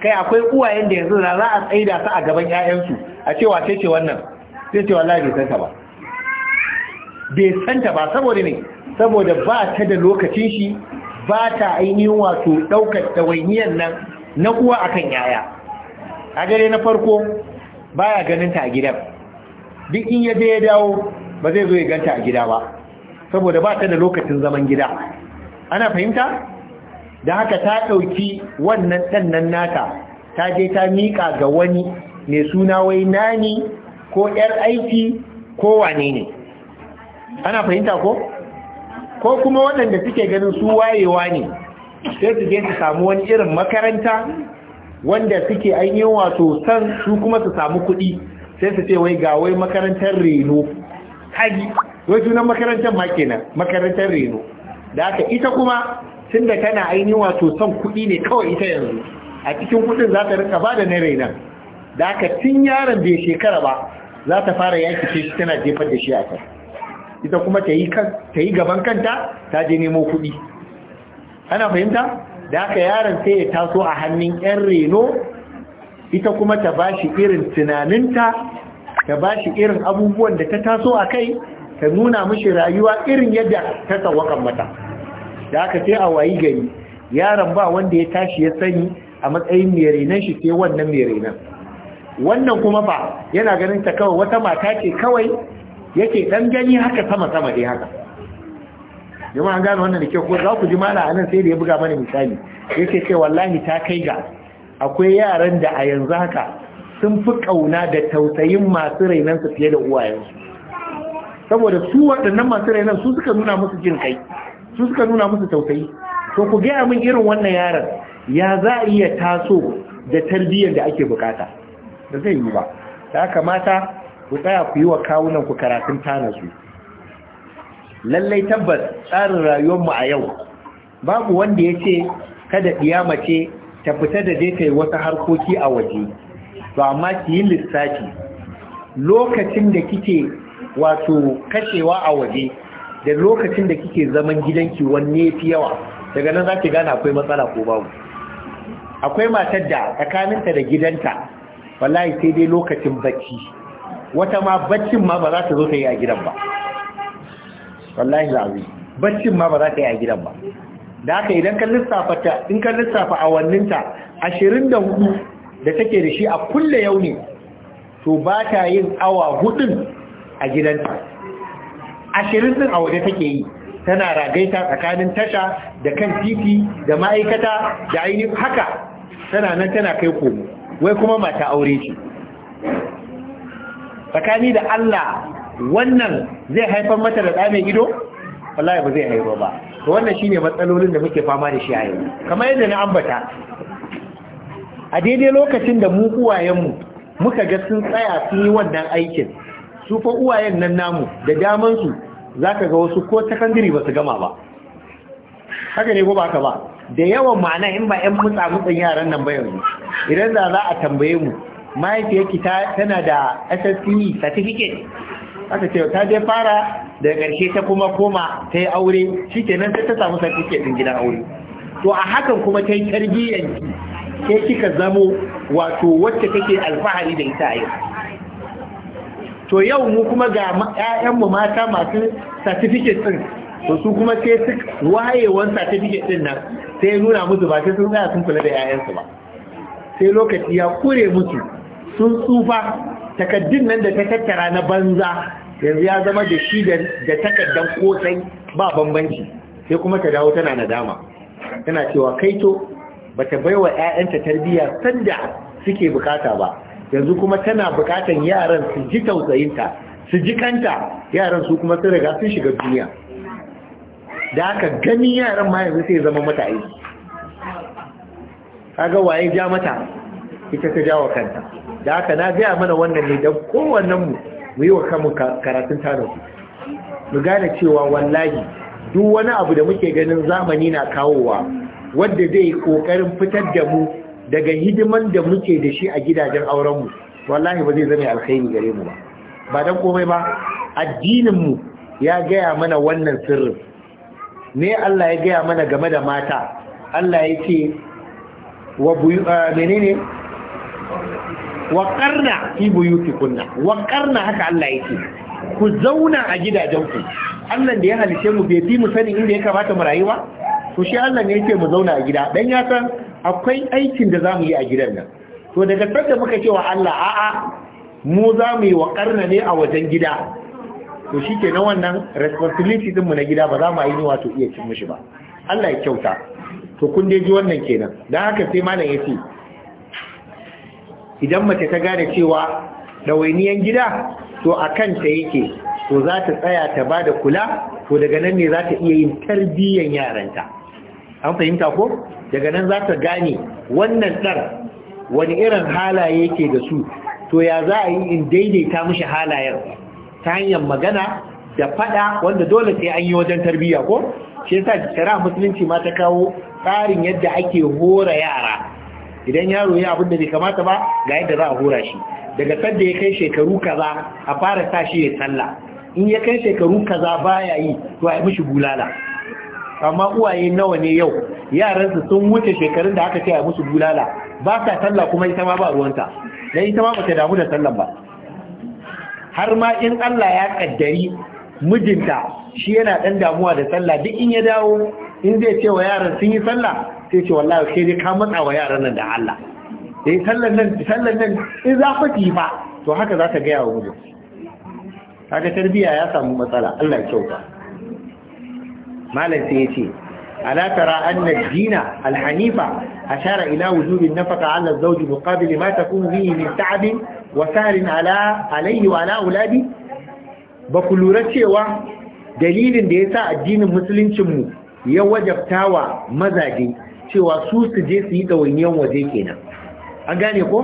kai akwai uwayen da yanzu na za a tsaida su a gaban 'ya'yansu a cewa sai ce wannan sai ce wallahi bai santa ba bai santa ba saboda ne saboda ba ta da lokacin shi ba ta ainihin wato ɗaukar ɗawainiyar nan na uwa akan yaya a gare na farko baya ganin ta a gidan duk in ya je ya dawo ba zai zo ya ganta a gida ba saboda ba ta da lokacin zaman gida ana fahimta da haka ta ɗauki wannan ɗannan naka, ta je ta miƙa ga wani mai suna wai nani ko ‘yar aiki ko wane ne ana fahimta ko? ko kuma waɗanda suke ganin su wayewa ne sai su je su samu wani irin makaranta wanda suke ainihin wato san su kuma su samu kuɗi sai su ce wai ga wai makarantar reno haji wai sunan makarantar kenan makarantar reno da haka ita kuma tun da kana ainihin wato son kuɗi ne kawai ita yanzu a cikin kuɗin za ta rika ba da na raina da aka tun yaron bai shekara ba za ta fara yaki ce shi tana jefar da shi a kai ita kuma ta yi gaban kanta ta je nemo kuɗi ana fahimta da aka yaron sai ya taso a hannun 'yan reno ita kuma ta ba shi irin tunaninta ta ba shi irin abubuwan da ta taso a kai ta nuna mishi rayuwa irin yadda ta tsawakan mata da aka ce a wayi gari yaron ba wanda ya tashi ya sani a matsayin mai renan shi sai wannan mai renan wannan kuma ba yana ganin ta kawai wata mata ce kawai yake dan gani haka sama sama dai haka jama'a an wannan da ke ko za ku ji mala anan sai da ya buga mana misali yake ce wallahi ta kai ga akwai yaran da a yanzu haka sun fi kauna da tausayin masu rainan su fiye da uwayensu saboda su waɗannan masu rainan su suka nuna musu jin kai su suka nuna musu tausayi to ku gaya min irin wannan yaron ya za a iya taso da tarbiyyar da ake bukata da zai yi ba ta kamata ku tsaya ku yi wa kawunan ku karatun tanasu su lallai tabbas tsarin rayuwarmu a yau babu wanda ya ce kada ɗiyama ce ta fita da dai kai wasu wata harkoki a waje to amma ki yi lissafi lokacin da kike wato kashewa a waje da lokacin da kike zaman gidanki wanne fi yawa daga nan za ki gane akwai matsala ko babu akwai matar da tsakaninta da gidanta wallahi sai dai lokacin bacci wata ma baccin ma ba za ta zo ta yi a gidan ba wallahi lazi baccin ma ba za ta yi a gidan ba da haka idan ka lissafa ta in ka lissafa awanninta 24 da take da shi a kulle yau ne to ba ta yin awa hudun a gidanta ashirin din a waje take yi tana ragaita tsakanin tasha da kan titi da ma'aikata da ainihin haka tana nan tana kai komo wai kuma mata aure ce tsakani da Allah wannan zai haifar mata da tsamin ido wallahi ba zai haifar ba to wannan shine matsalolin da muke fama da shi a kamar yadda na ambata a daidai lokacin da mu uwayenmu muka ga sun tsaya sun yi wannan aikin su fa uwayen nan namu da daman su zaka ga wasu ko sakandiri ba su gama ba haka ne ko ba ka ba da yawan ma'ana in ba yan mutsa mutsan yaran nan ba yanzu idan da za a tambaye mu mahaifiyarki tana da SSCE certificate aka ce ta dai fara da ƙarshe ta kuma koma ta yi aure shikenan sai ta samu certificate din gidan aure to a hakan kuma ta yi tarbiyyanki ke kika zamo wato wacce kake alfahari da ita a yau to yau mu kuma ga ƴaƴanmu mata masu certificate din to su kuma sai su wayewan certificate din nan sai nuna musu ba sai sun gaya sun kula da ƴaƴansu ba sai lokaci ya kure musu sun tsufa takaddun nan da ta tattara na banza yanzu ya zama da shi da takaddan kosai ba bambanci sai kuma ta dawo tana nadama tana cewa kaito bata baiwa ƴaƴanta tarbiyya sanda suke bukata ba yanzu kuma tana bukatan yaran su ji tausayinta su ji kanta yaran su kuma sun riga sun shiga duniya da haka gani yaran ma yanzu sai zama mata aiki kaga waye ja mata ita ta jawo kanta da haka na gaya mana wannan ne don kowannen mu mu yi wa kanmu karatun tare ku mu gane cewa wallahi duk wani abu da muke ganin zamani na kawowa wanda zai kokarin fitar da mu daga hidiman da muke da shi a gidajen aurenmu wallahi ba zai zama alkhairi gare mu ba ba dan komai ba addininmu ya gaya mana wannan sirrin ne Allah ya gaya mana game da mata Allah ya ce wa uh, menene wa karna fi buyutikunna wa qarna haka Allah ya ce ku zauna a gidajenku Allah da ya halice mu bai fi mu sani inda ya kamata mu rayuwa to shi Allah ne yake mu zauna a gida dan ya san akwai aikin da za mu yi a gidan nan to daga tattar muka ce wa Allah a'a mu za mu yi wa ƙarna ne a wajen gida to shi ke na wannan responsibility mu na gida ba za mu yi wato iya cin mushi ba Allah ya kyauta to kun dai wannan kenan don haka sai malam ya ce idan mace ta gane cewa ɗawainiyan gida to a kanta yake to za ta tsaya ta ba da kula to daga nan ne za ta iya yin tarbiyyan yaranta an fahimta ko daga nan za ka gane wannan ɗar wani irin halaye ke da su to ya za a yi in daidaita mashi halayen ta hanyar magana da fada wanda dole sai an yi wajen tarbiyya ko shi yasa shari'a musulunci ma ta kawo tsarin yadda ake hora yara idan yaro ya abin da bai kamata ba ga yadda za a hora shi daga sanda ya kai shekaru kaza a fara sa shi ya sallah in ya kai shekaru kaza baya yi to a yi mishi bulala amma uwaye nawa ne yau yaransu sun wuce shekarun da aka ce a musu bulala ba sa sallah kuma ita ma ba ruwanta dan ita ma bata damu da sallan ba har ma in Allah ya kaddari mijinta shi yana dan damuwa da sallah duk in ya dawo in zai ce wa yaran sun yi sallah sai ce wallahi sai dai ka matsa wa yaran nan da Allah dai sallan nan sallan nan in za ku yi fa to haka za ta ga yawo mijin kaga tarbiya ya samu matsala Allah ya kyauta malam sai yace ala tara anna ad-dina Alhanifa a ashara ila wujubi nafaka faka 'ala az-zawj muqabil ma takunu bihi min ta'ab wa 'ala alayhi wa 'ala ba ku lura cewa dalilin da ya sa addinin musuluncin mu ya wajabtawa mazaje cewa su su je su yi dawainiyan waje kenan an gane ko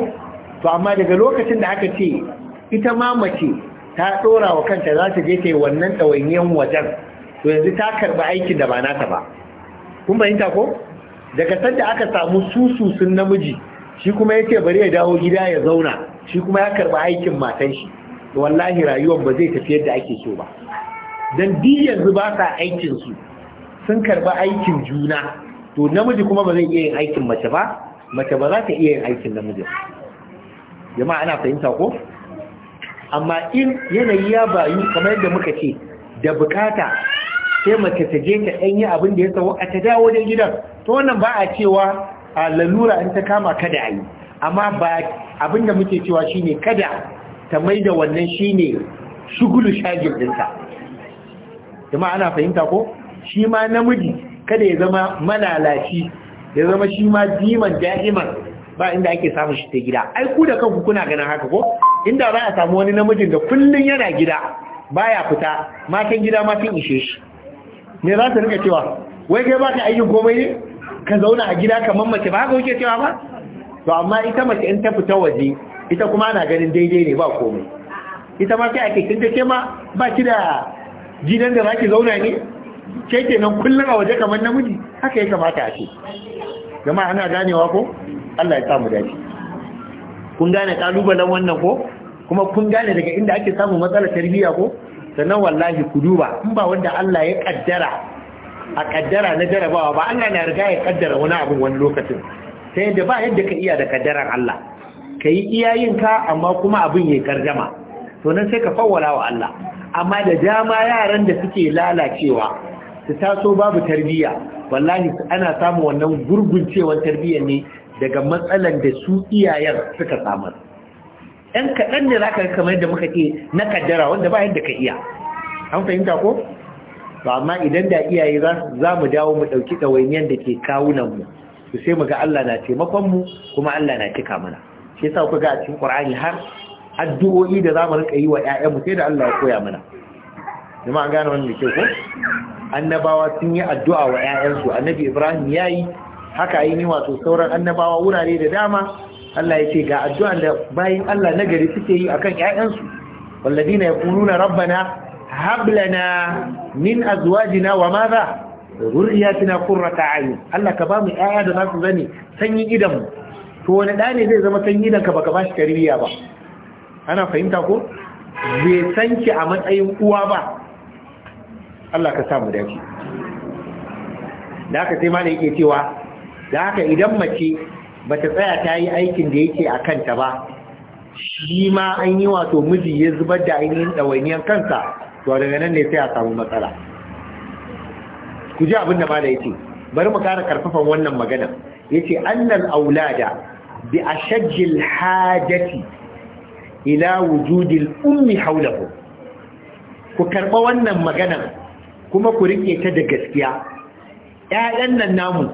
to amma daga lokacin da aka ce ita ma mace ta dora wa kanta za ta je ta yi wannan dawainiyan wajen to yanzu ta karɓi aikin da ba nata ba kun fahimta ko daga sanda aka samu susu sun namiji shi kuma ya ce bari ya dawo gida ya zauna shi kuma ya karɓi aikin matan shi wallahi rayuwar ba zai tafi yadda ake so ba dan di yanzu ba sa aikin su sun karɓi aikin juna to namiji kuma ba zai iya yin aikin mace ba mace ba za ta iya yin aikin namiji jama'a ana fahimta ko amma in yanayi ya bayu kamar yadda muka ce da bukata sai mace ta je ta yi abin da ya tsawo a ta dawo da gidan to wannan ba a cewa a lalura in ta kama kada a yi amma ba abin da muke cewa shi ne kada ta mai da wannan ne shugulu shagin dinta kuma ana fahimta ko shi ma namiji kada ya zama malalaci ya zama shi ma diman da'iman ba inda ake samun shi ta gida ai ku da kanku kuna ganin haka ko inda za a samu wani namijin da kullun yana gida baya fita matan gida ma ishe shi me za ta rika cewa wai kai ba ka aikin komai ne ka zauna a gida kamar mace ba haka kuke cewa ba to amma ita mace in ta fita waje ita kuma ana ganin daidai ne ba komai ita ma kai ake kin take ma ba ki da gidan da zaki zauna ne ke kenan kullun a waje kamar namiji haka ya kamata a ce kuma ana ganewa ko Allah ya sa mu dace kun gane kalubalen wannan ko kuma kun gane daga inda ake samun matsalar tarbiyya ko sannan wallahi ku duba in ba wanda Allah ya kaddara a kaddara na jarabawa ba Allah na riga ya kaddara wani abu wani lokacin ta yadda ba yadda ka iya da kaddaran Allah ka yi iyayenka amma kuma abin ya gargama to nan sai ka fawwala wa Allah amma da dama yaran da suke lalacewa su taso babu tarbiyya wallahi ana samu wannan gurguncewar tarbiyyar ne daga matsalan da su iyayen suka samar ɗan kaɗan ne za ka kamar yadda muka ke na kaddara wanda ba yadda ka iya an fahimta ko to amma idan da iyaye za mu dawo mu ɗauki ɗawainiyar da ke kawunan mu to sai mu ga Allah na taimakon mu kuma Allah na cika mana shi yasa ku ga a cikin Ƙur'ani har addu'o'i da za mu rinka yi wa ƴaƴanmu sai da Allah ya koya mana kuma an gane wannan ko annabawa sun yi addu'a wa yayansu annabi Ibrahim ya yi haka yi ni wato sauran annabawa wurare da dama Allah ya ce ga addu'an da bayin Allah nagari suke yi akan ƴaƴansu walladina yaquluna rabbana hab lana min azwajina wa madha zurriyatina qurrata a'yun Allah ka bamu ƴaƴa da zasu zani sanyi idan to wani da ne zai zama sanyi idan ka baka bashi tarbiyya ba ana fahimta ko bai san ki a matsayin uwa ba Allah ka samu dace da haka sai malai yake cewa da haka idan mace bata tsaya ta yi aikin da yake a kanta ba shi ma an yi wato miji ya zubar da ainihin ɗawainiyar kansa to daga nan ne sai a samu matsala ku ji abin da mala yace bari mu kara karfafan wannan magana yace annal aulada bi ashajjil hajati ila wujudil ummi hawlahu ku karba wannan magana kuma ku rike ta da gaskiya ƴaƴan nan namu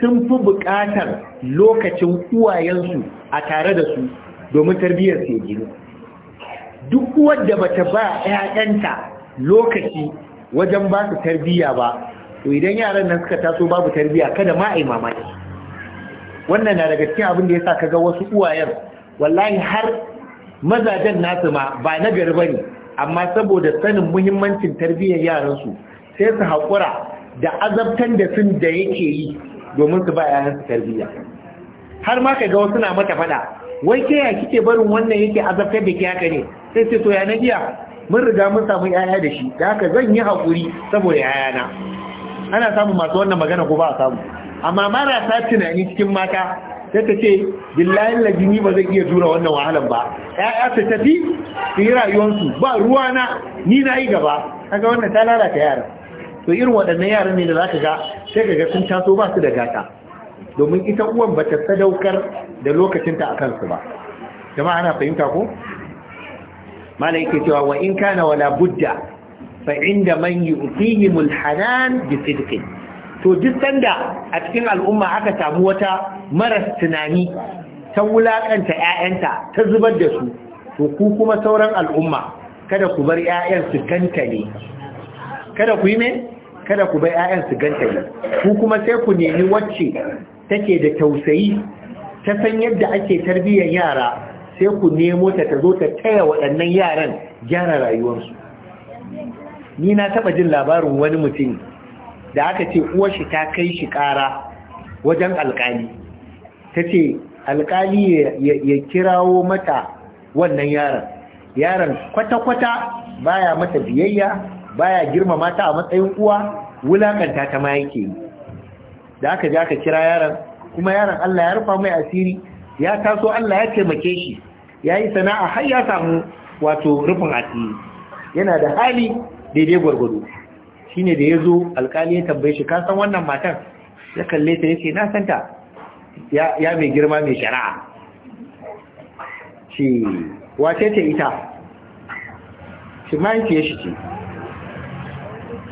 sun fi buƙatar lokacin uwayensu a tare da su domin tarbiyyar su gini duk wadda bata ba 'ya'yanta lokaci wajen ba su tarbiyya ba to idan yaran nan suka taso babu tarbiyya kada ma ai mamaki wannan na daga cikin abin da ya sa ka ga wasu uwayen wallahi har mazajen nasu ma ba nagari ba ne. amma saboda sanin muhimmancin tarbiyyar yaransu, sai su haƙura da azabtan da sun da yake yi domin su ba yayansu tarbiyya har ma ka ga wasu na mata faɗa wai ke ya kike barin wannan yake azabtar da ke haka ne sai sai to ya na giya mun riga mun samu yaya da shi da haka zan yi haƙuri saboda na. ana samun masu wannan magana ko ba a samu amma marasa tunani cikin mata sai ta ce billahi lajini ba zai iya jura wannan wahalan ba yaya su tafi su yi rayuwarsu ba ruwana ni na yi gaba kaga wannan ta lalata yaran to irin waɗannan yaran ne da za ka ga sai ka ga sun taso ba su da gata domin ita uwan ba ta sadaukar da lokacinta a kansu ba jama'a ana fahimta ko malai yake cewa wa in kana wala budda fa inda man yu'tihimul hanan bi to duk sanda a cikin al'umma aka samu wata maras tunani ta wulakanta ƴaƴanta ta zubar da su to ku kuma sauran al'umma kada ku bar ƴaƴan su kankane kada ku yi me kada ku bai 'ya'yan su ganta ne ku kuma sai ku nemi wacce take da tausayi ta san yadda ake tarbiyyar yara sai ku nemo ta ta zo ta taya waɗannan yaran gyara rayuwarsu ni na taɓa jin labarin wani mutum da aka ce shi ta kai shi ƙara wajen alƙali ta ce alƙali ya kirawo mata wannan yaron yaron kwata-kwata baya mata biyayya baya girmama ta a matsayin uwa wulakanta ta ma yake yi da aka ja ka kira yaron kuma yaron Allah ya rufa mai asiri ya taso Allah ya taimake shi ya yi sana'a har ya samu wato rufin asiri yana da hali daidai gwargwado shine da ya zo alkali ya tambaye shi san wannan matan ya kalle ta yace na santa ya mai girma mai shari'a shi wace ce ita shi mahaifiyar shi ce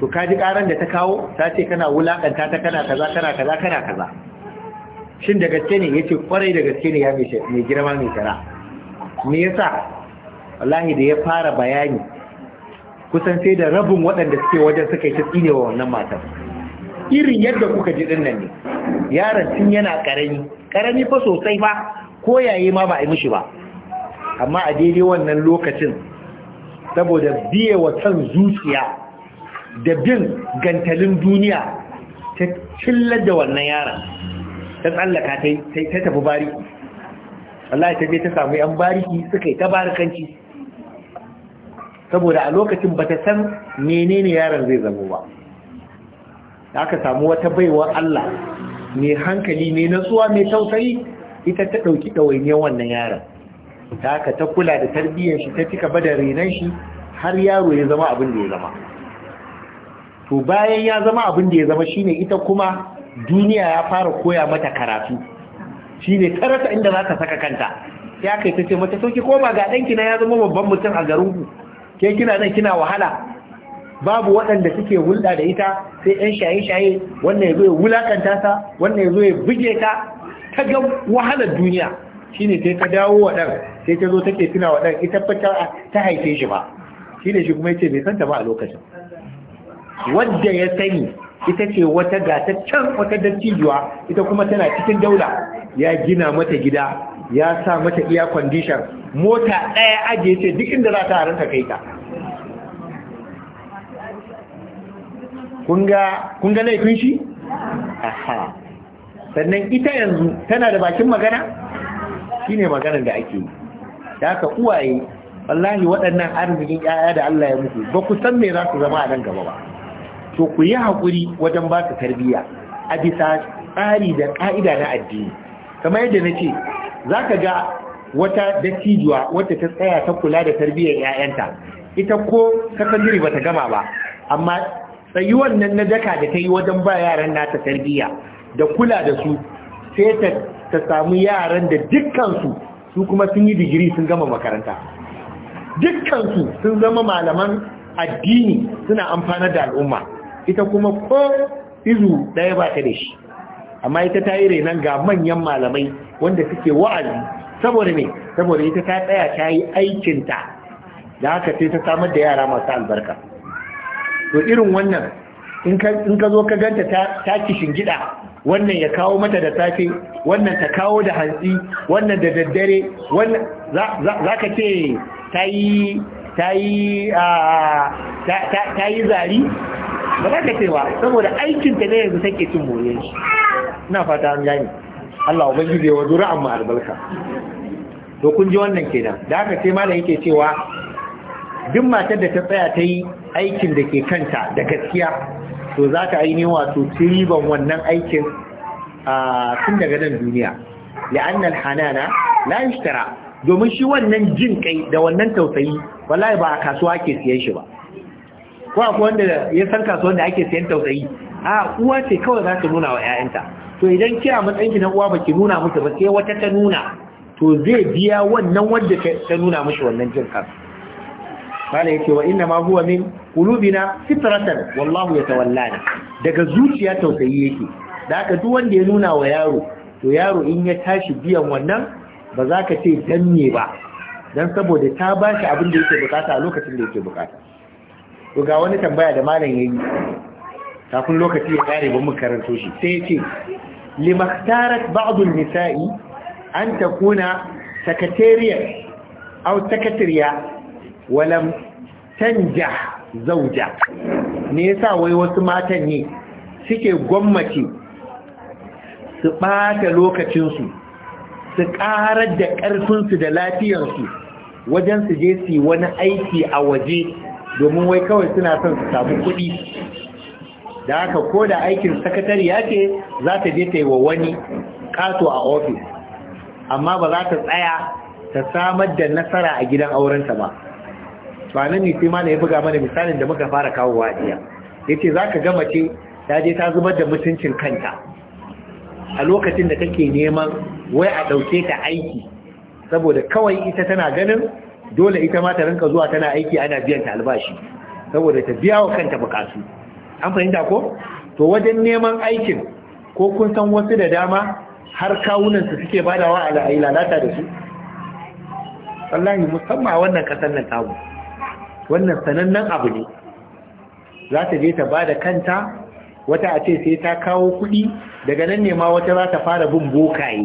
to ka ji karan da ta kawo ta ce kana wulakanta ta kana kaza kana kaza kana kaza shin da gaske ne yace kwarai da gaske ne ya mai girma mai kara me yasa wallahi da ya fara bayani kusan sai da rabin waɗanda suke wajen suka yi ta wa wannan matan. irin yadda kuka ji dinnan ne yaron tun yana karami karami fa sosai fa ko yaya ma ba a yi mishi ba amma a daidai wannan lokacin saboda biye wa son zuciya da bin gantalin duniya ta killar da wannan yaran ta tsallaka ta tafi bariki Allah ta ta samu yan bariki suka yi ta barikanci saboda a lokacin ba ta san menene yaron zai zama ba da aka samu wata baiwar Allah mai hankali mai natsuwa mai tausayi ita ta ɗauki ɗawainiyar wannan yaron Da aka ta kula da tarbiyyar shi ta cika bada renon shi har yaro ya zama abin da ya zama to bayan ya zama abin da ya zama shine ita kuma duniya ya fara koya mata karatu shine tarata inda za ta saka kanta ya kai ta ce mata sauki koma ga ɗanki na ya zama babban mutum a garinku ke kina nan kina wahala babu waɗanda suke hulɗa da ita sai ɗan shaye-shaye wannan ya zo ya wulaƙanta ta wannan ya zo ya buge ta ta ga wahalar duniya shine sai ta dawo wa ɗan sai ta zo take tuna wa ɗan ita fa ta haife shi ba shine shi kuma yace bai san ta ba a lokacin wadda ya sani ita ce wata can wata dattijuwa ita kuma tana cikin daula ya gina mata gida ya sa mata iya kwandishan mota ɗaya ajiye ce duk inda za ta haranta kai ta kun ga laifin shi? aha sannan ita yanzu tana da bakin magana? shi ne maganar da ake yi da aka uwaye wallahi waɗannan arzikin 'ya'ya da Allah ya mutu ba ku san me za su zama a nan gaba ba to ku yi haƙuri wajen ba su tarbiyya a bisa tsari da ƙa'ida na addini kamar yadda na ce za ka ga wata dattijuwa wata ta tsaya ta kula da tarbiyyar 'ya'yanta ita ko sakandare ba ta gama ba amma tsayuwan nan na daka da ta yi wajen ba yaran nata tarbiyya da kula da su sai ta, ta samu yaran da dukkansu su kuma sun yi digiri sun gama makaranta dukkansu sun zama malaman addini suna amfanar da al'umma ita kuma ko izu ɗaya ba ta da shi amma ita ta yi renon ga manyan malamai wanda suke wa'azi saboda ne saboda ita ta tsaya ta yi aikinta da haka sai ta samar da yara masu albarka to irin wannan in ka zo ka ganta ta kishin gida wannan ya kawo mata da safe wannan ta kawo da hantsi wannan da daddare za ka ce ta yi ta yi zari ba za ka ce saboda aikinta ne yanzu take cin moye shi ina fata an gani Allah ba gizo wa ra'an amma albarka to kun ji wannan kenan da haka sai malam yake cewa duk matar da ta tsaya ta yi aikin da ke kanta da gaskiya to za ta ne wato riban wannan aikin tun daga nan duniya la'annal hanana la yashtara domin shi wannan jin kai da wannan tausayi wallahi ba a kasuwa ake siyan shi ba ko akwai wanda ya san kasuwar da ake siyan tausayi a uwa ce kawai za ta nuna wa 'ya'yanta to idan kira matsayin ki na uwa baki nuna musu ba sai wata ta nuna to zai biya wannan wanda ta nuna mishi wannan jin kan bala yake wa inna ma huwa min qulubina fitratan wallahu yatawallana daga zuciya tausayi yake da aka duk wanda ya nuna wa yaro to yaro in ya tashi biyan wannan ba za ka ce dan ne ba Don saboda ta ba shi abin da yake bukata a lokacin da yake bukata to ga wani tambaya da malam yayi kafin lokaci ya kare ba mu karanto shi sai ya ce limaktarat ba'd nisai an takuna sakatariya aw sakatariya walam zauja ne yasa wai wasu matan ne suke gwammace su ɓata lokacinsu su ƙarar da ƙarfinsu da lafiyarsu wajen su je su wani aiki a waje domin wai kawai suna son su samu kuɗi da haka ko da aikin sakatariya ce za ta je ta yi wa wani ƙato a ofis amma ba za ta tsaya ta samar da nasara a gidan aurenta ba Ba nan ne sai mana ya buga mana misalin da muka fara kawo wajiya ya ce za ka gama ce ta je ta zubar da mutuncin kanta a lokacin da kake neman wai a ɗauke ta aiki saboda kawai ita tana ganin dole ita ma ta rinka zuwa tana aiki ana biyan ta albashi saboda ta biya wa kanta bukatu an fahimta ko to wajen neman aikin ko kun san wasu da dama har kawunan su suke badawa a lalata da su wallahi musamman wannan kasar nan tamu wannan sanannen abu ne za ta je ta bada kanta wata a ce sai ta kawo kuɗi daga nan ne ma wata za ta fara bin bokaye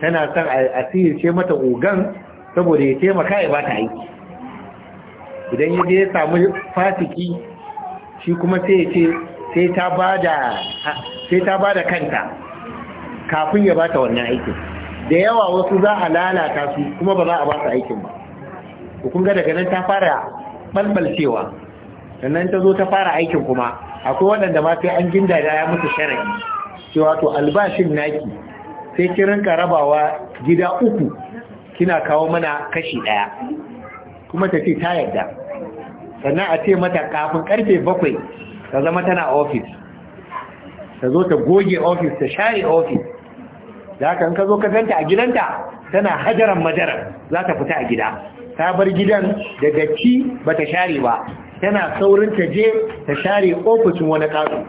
tana son a sihirce mata ogan saboda ya taimaka ya ba ta aiki idan ya je ya samu fasiki shi kuma sai ya ce sai ta ba da kanta kafin ya ba ta wannan aikin da yawa wasu za a lalata su kuma ba za a ba su aikin ba hukunga daga nan ta fara balbalcewa sannan ta zo ta fara aikin kuma akwai waɗanda ma sai an ginda da ya musu sharadi cewa to albashin naki sai ki rinka rabawa gida uku kina kawo mana kashi ɗaya kuma ta ce ta yarda sannan a ce mata kafin karfe bakwai ta zama tana ofis ta zo ta goge ofis ta share ofis da haka ka zo ka zanta a gidanta tana hajaran madaran za ta fita a gida ta bar gidan da datti ba ta share ba tana saurin ta je ta share ofishin wani kasu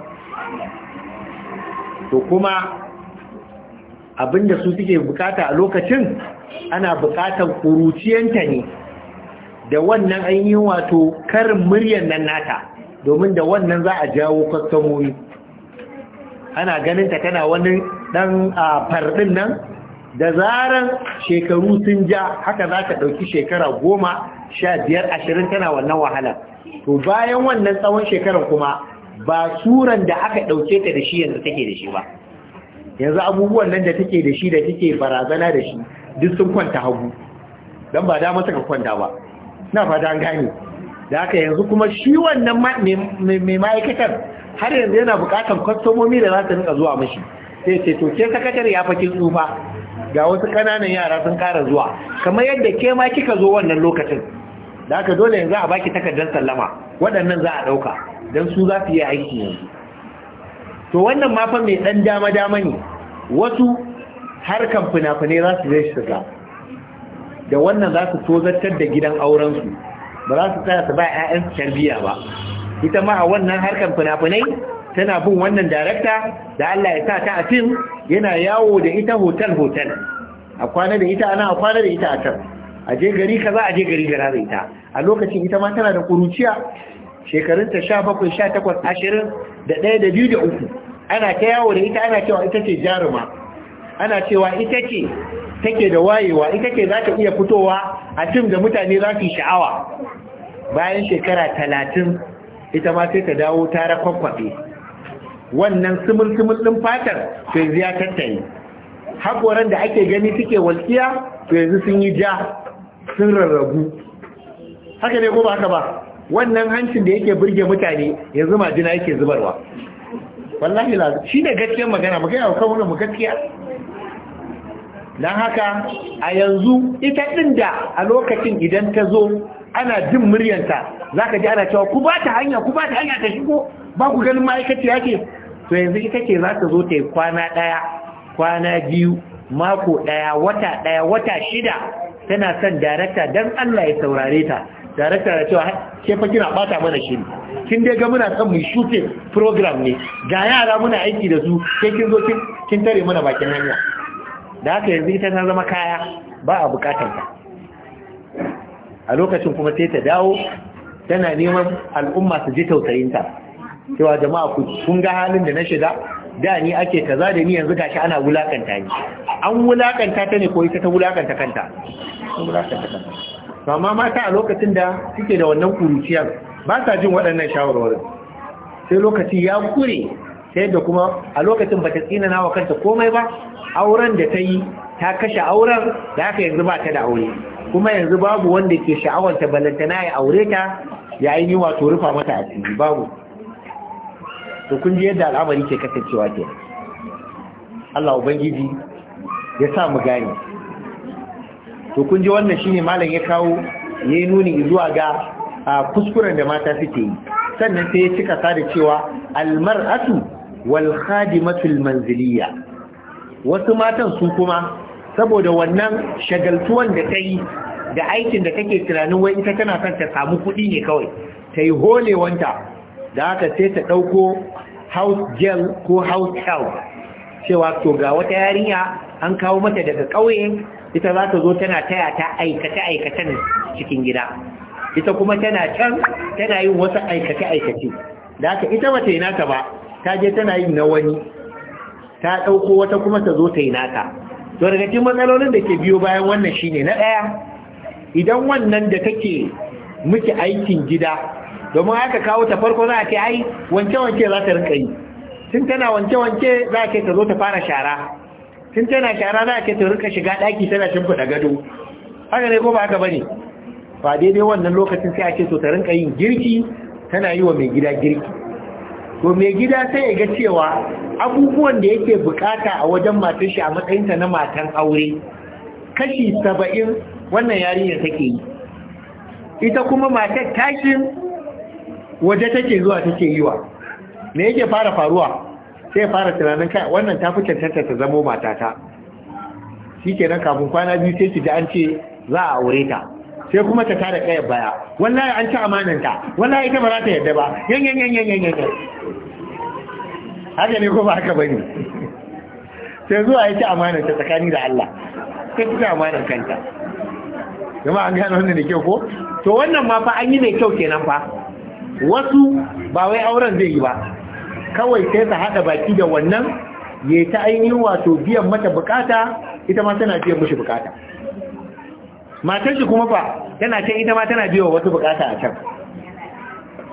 to kuma abinda su suke bukata a lokacin ana bukatar kuruciyanta ne da wannan ainihin wato karin muryan nan nata domin da wannan za a jawo kwastomomi ana ganin ta tana wani dan fardin nan da zaran shekaru sun ja haka za ta ɗauki shekara goma sha biyar ashirin tana wannan wahala to bayan wannan tsawon shekarar kuma ba suran da aka ɗauke ta da shi yanzu take da shi ba yanzu abubuwan nan da take da shi da take barazana da shi duk sun kwanta hagu don ba dama suka kwanta ba na fata an gane da haka yanzu kuma shi wannan mai ma'aikatar har yanzu yana buƙatar kwastomomi da za ta rika zuwa mashi sai ce to ke sakatare ya fakin tsufa ga wasu kananan yara sun kara zuwa kamar yadda ke ma kika zo wannan lokacin da aka dole yanzu a baki takardar sallama waɗannan za a ɗauka don su za su yi aiki yanzu to wannan ma mai ɗan dama dama ne wasu harkan fina-finai za su zai shiga da wannan za su tozartar da gidan aurensu ba za su tsaya su ba 'ya'yan tarbiyya ba ita ma a wannan harkan fina-finai tana bin wannan darakta da Allah ya sa ta a fim yana yawo da ita hotel-hotel a kwana da ita ana a kwana da ita a can a je gari kaza a je gari gara da ita a lokacin ita ma tana da kuruciya shekarunta sha bakwai sha takwas ashirin da ɗaya da biyu da uku ana ta yawo da ita ana cewa ita ce jaruma ana cewa ita ce take da wayewa ita ce za ta iya fitowa a fim da mutane za su yi sha'awa bayan shekara talatin ita ma sai ta dawo tara kwakwabe wannan sumul-sumul ɗin fatar to yanzu ya tattaye haƙoran da ake gani suke walƙiya to yanzu sun yi ja sun rarrabu haka ne ko ba haka ba wannan hancin da yake burge mutane ya zuma jina yake zubarwa wallahi lazu shi ne gaskiyar magana mu gaya wa kan mu gaskiya don haka a yanzu ita ɗin da a lokacin idan ta zo ana jin muryanta za ka ji ana cewa ku ba ta hanya ku ba ta hanya ta shigo ba ku ganin ma'aikaciya ce to yanzu ita ce za ta zo ta yi kwana ɗaya kwana biyu mako ɗaya wata ɗaya wata shida tana son darakta don Allah ya saurare ta darakta da cewa ke fa kina bata mana shiri kin dai ga muna son mu shuke program ne ga yara muna aiki da su sai kin zo kin kin tare mana bakin hanya da haka yanzu ita ta zama kaya ba a bukatar ta a lokacin kuma sai ta dawo tana neman al'umma su ji tausayinta cewa jama'a ku kun ga halin da na shiga da ni ake kaza da ni yanzu gashi ana wulakanta ni an wulakanta ta ne ko ita ta wulakanta kanta sun wulakanta kansu to amma mata a lokacin da suke da wannan kuruciya ba sa jin waɗannan shawarwarin sai lokaci ya kure sai da kuma a lokacin ba ta tsina nawa kanta komai ba auren da ta yi ta kashe auren da aka yanzu ba ta da aure kuma yanzu babu wanda ke sha'awar ta balantana ya aure ta ya yi wato rufa mata a ciki babu to kun ji yadda al'amari ke kasancewa ke Allah ubangiji ya sa mu gane to kun ji wannan shine malam ya kawo yayi nuni zuwa ga kuskuren da mata suke yi sannan sai ya cika sa da cewa almar'atu wal khadimatu manziliya wasu matan su kuma saboda wannan shagaltuwan da ta yi da aikin da take tunanin wai ita tana son ta samu kuɗi ne kawai ta yi holewanta da haka sai ta ɗauko house gel ko house help cewa to ga wata yarinya an kawo mata daga ƙauye ita za ta zo tana taya ta aikace-aikacen cikin gida ita kuma tana can tana yin wasu aikace-aikace da aka ita ba ta yi nata ba ta je tana yin na wani ta ɗauko wata kuma ta zo ta yi nata to daga cikin matsalolin da ke biyo bayan wannan shine na ɗaya idan wannan da take miki aikin gida domin aka kawo ta farko za a ce ai wanke-wanke za ta rinka yi tun tana wanke-wanke za a ce ta zo ta fara shara tun tana shara za a ce ta rika shiga ɗaki tana shimfiɗa gado haka ne ko ba haka bane ba daidai wannan lokacin sai a ce to ta rinka yin girki tana yi wa mai gida girki to mai gida sai ya ga cewa abubuwan da yake bukata a wajen matar shi a ta na matan aure kashi saba'in wannan yarinyar take yi ita kuma matar tashin waje take zuwa take yiwa me yake fara faruwa sai fara tunanin kai wannan ta fi cancanta ta zamo matata shikenan kafin kwana biyu sai ki ji an ce za a aure ta sai kuma ta tada kayan baya wallahi an ci amananta wallahi ita ba za ta yadda ba yan yan yan yan yan haka ne ko ba haka bane sai zuwa ya ci amananta tsakani da Allah sai ta ci amanan kanta kuma an gano wannan da kyau ko to wannan ma fa an yi mai kyau kenan fa wasu ba wai auren zai yi ba kawai sai ta haɗa baki da wannan ya ta ainihin wato biyan mata bukata ita ma tana biyan mushi bukata matar shi kuma fa tana can ita ma tana biyan wasu bukata a can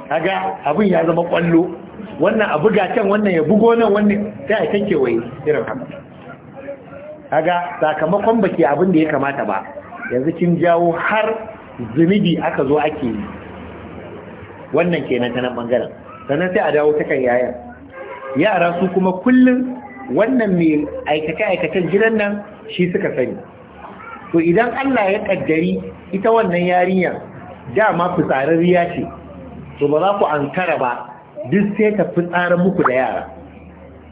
kaga abin ya zama kwallo wannan a buga can wannan ya bugo nan wannan sai a can kewaye irin haka kaga sakamakon baki abin da ya kamata ba yanzu kin jawo har zunubi aka zo ake yi wannan kenan ta nan bangaren sannan sai a dawo ta kan yayan yara su kuma kullum wannan mai aikace-aikacen gidan nan shi suka sani to idan Allah ya kaddari ita wannan yarinya dama riya ce to ba za ku ankara ba duk sai ta fitsarar muku da yara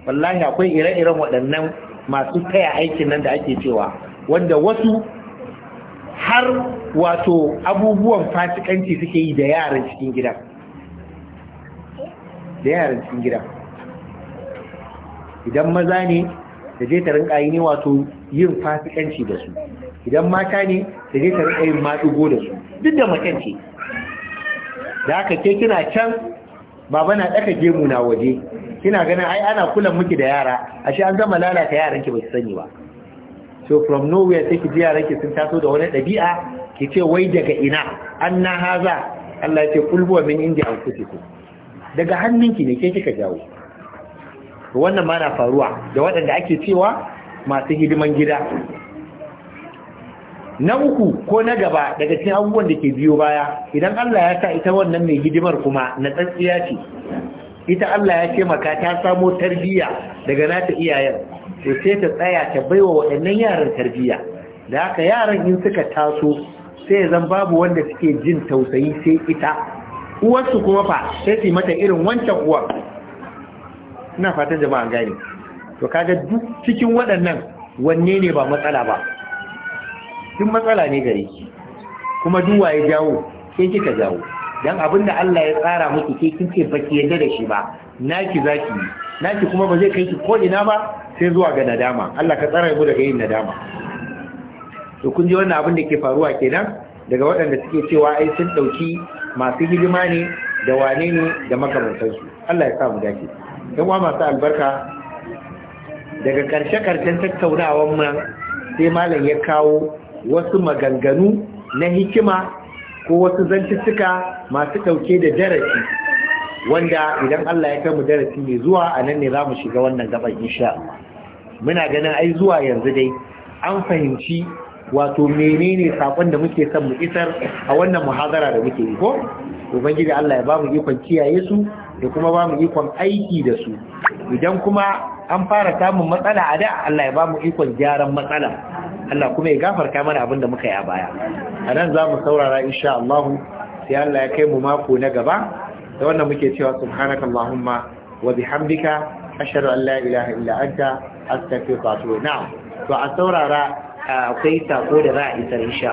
wallahi akwai ire-iren waɗannan masu taya aikin nan da ake cewa wanda wasu har wato abubuwan fasikanci suke yi da yaran cikin gidan da yaran cikin gida idan maza ne da je ta rinka yi ne wato yin fasikanci da su idan mata ne da je ta rinka yin maɗugo da su duk da makance da aka ke kina can baba na ɗaka gemu na waje kina ganin ai ana kula miki da yara ashe an gama lalata yaranki ba su sani ba so from nowhere ki ji yaranki sun taso da wani ɗabi'a ki ce wai daga ina an na haza Allah ya ce kulbuwa min inda an ku daga hannunki ne ke kika jawo wannan ma na faruwa da waɗanda ake cewa masu hidiman gida na uku ko na gaba daga cikin abubuwan da ke biyo baya idan Allah ya sa ita wannan mai hidimar kuma na tsantsiya ce ita Allah ya ce maka ta samo tarbiyya daga nata iyayen to sai ta tsaya ta baiwa waɗannan yaran tarbiyya da haka yaran in suka taso sai ya zan babu wanda suke jin tausayi sai ita uwarsu kuma fa sai su yi mata irin wancan uwar ina fatan jama'a gane to kaga duk cikin waɗannan wanne ne ba matsala ba duk matsala ne gare ki kuma duk waye jawo sai kika jawo dan abinda Allah ya tsara muku ke kin ce baki yadda da shi ba naki zaki naki kuma ba zai kai ki ko ina ba sai zuwa ga nadama Allah ka tsara mu daga yin nadama to kun ji wannan abin da ke faruwa kenan daga waɗanda suke cewa ai sun dauki masu hidima ne da wane ne da makamantansu Allah ya samu dace yan wa masu albarka daga karshe karshen tattaunawan mu sai malam ya kawo wasu maganganu na hikima ko wasu zantuttuka masu ɗauke da darasi wanda idan Allah ya kai mu darasi mai zuwa a nan ne za mu shiga wannan gaban insha muna ganin ai zuwa yanzu dai an fahimci wato menene sakon da muke son mu isar a wannan muhazara da muke yi ko ubangiji Allah ya bamu ikon kiyaye su da kuma bamu ikon aiki da su idan kuma an fara samun matsala a da Allah ya bamu ikon gyaran matsala Allah kuma ya gafarta mana abin da muka yi a baya a nan za mu saurara insha Allah sai Allah ya kai mu mako na gaba da wannan muke cewa subhanaka allahumma wa bihamdika ashhadu an la ilaha illa anta astaghfiruka wa atubu na'am to a saurara akwai sako da za a isar insha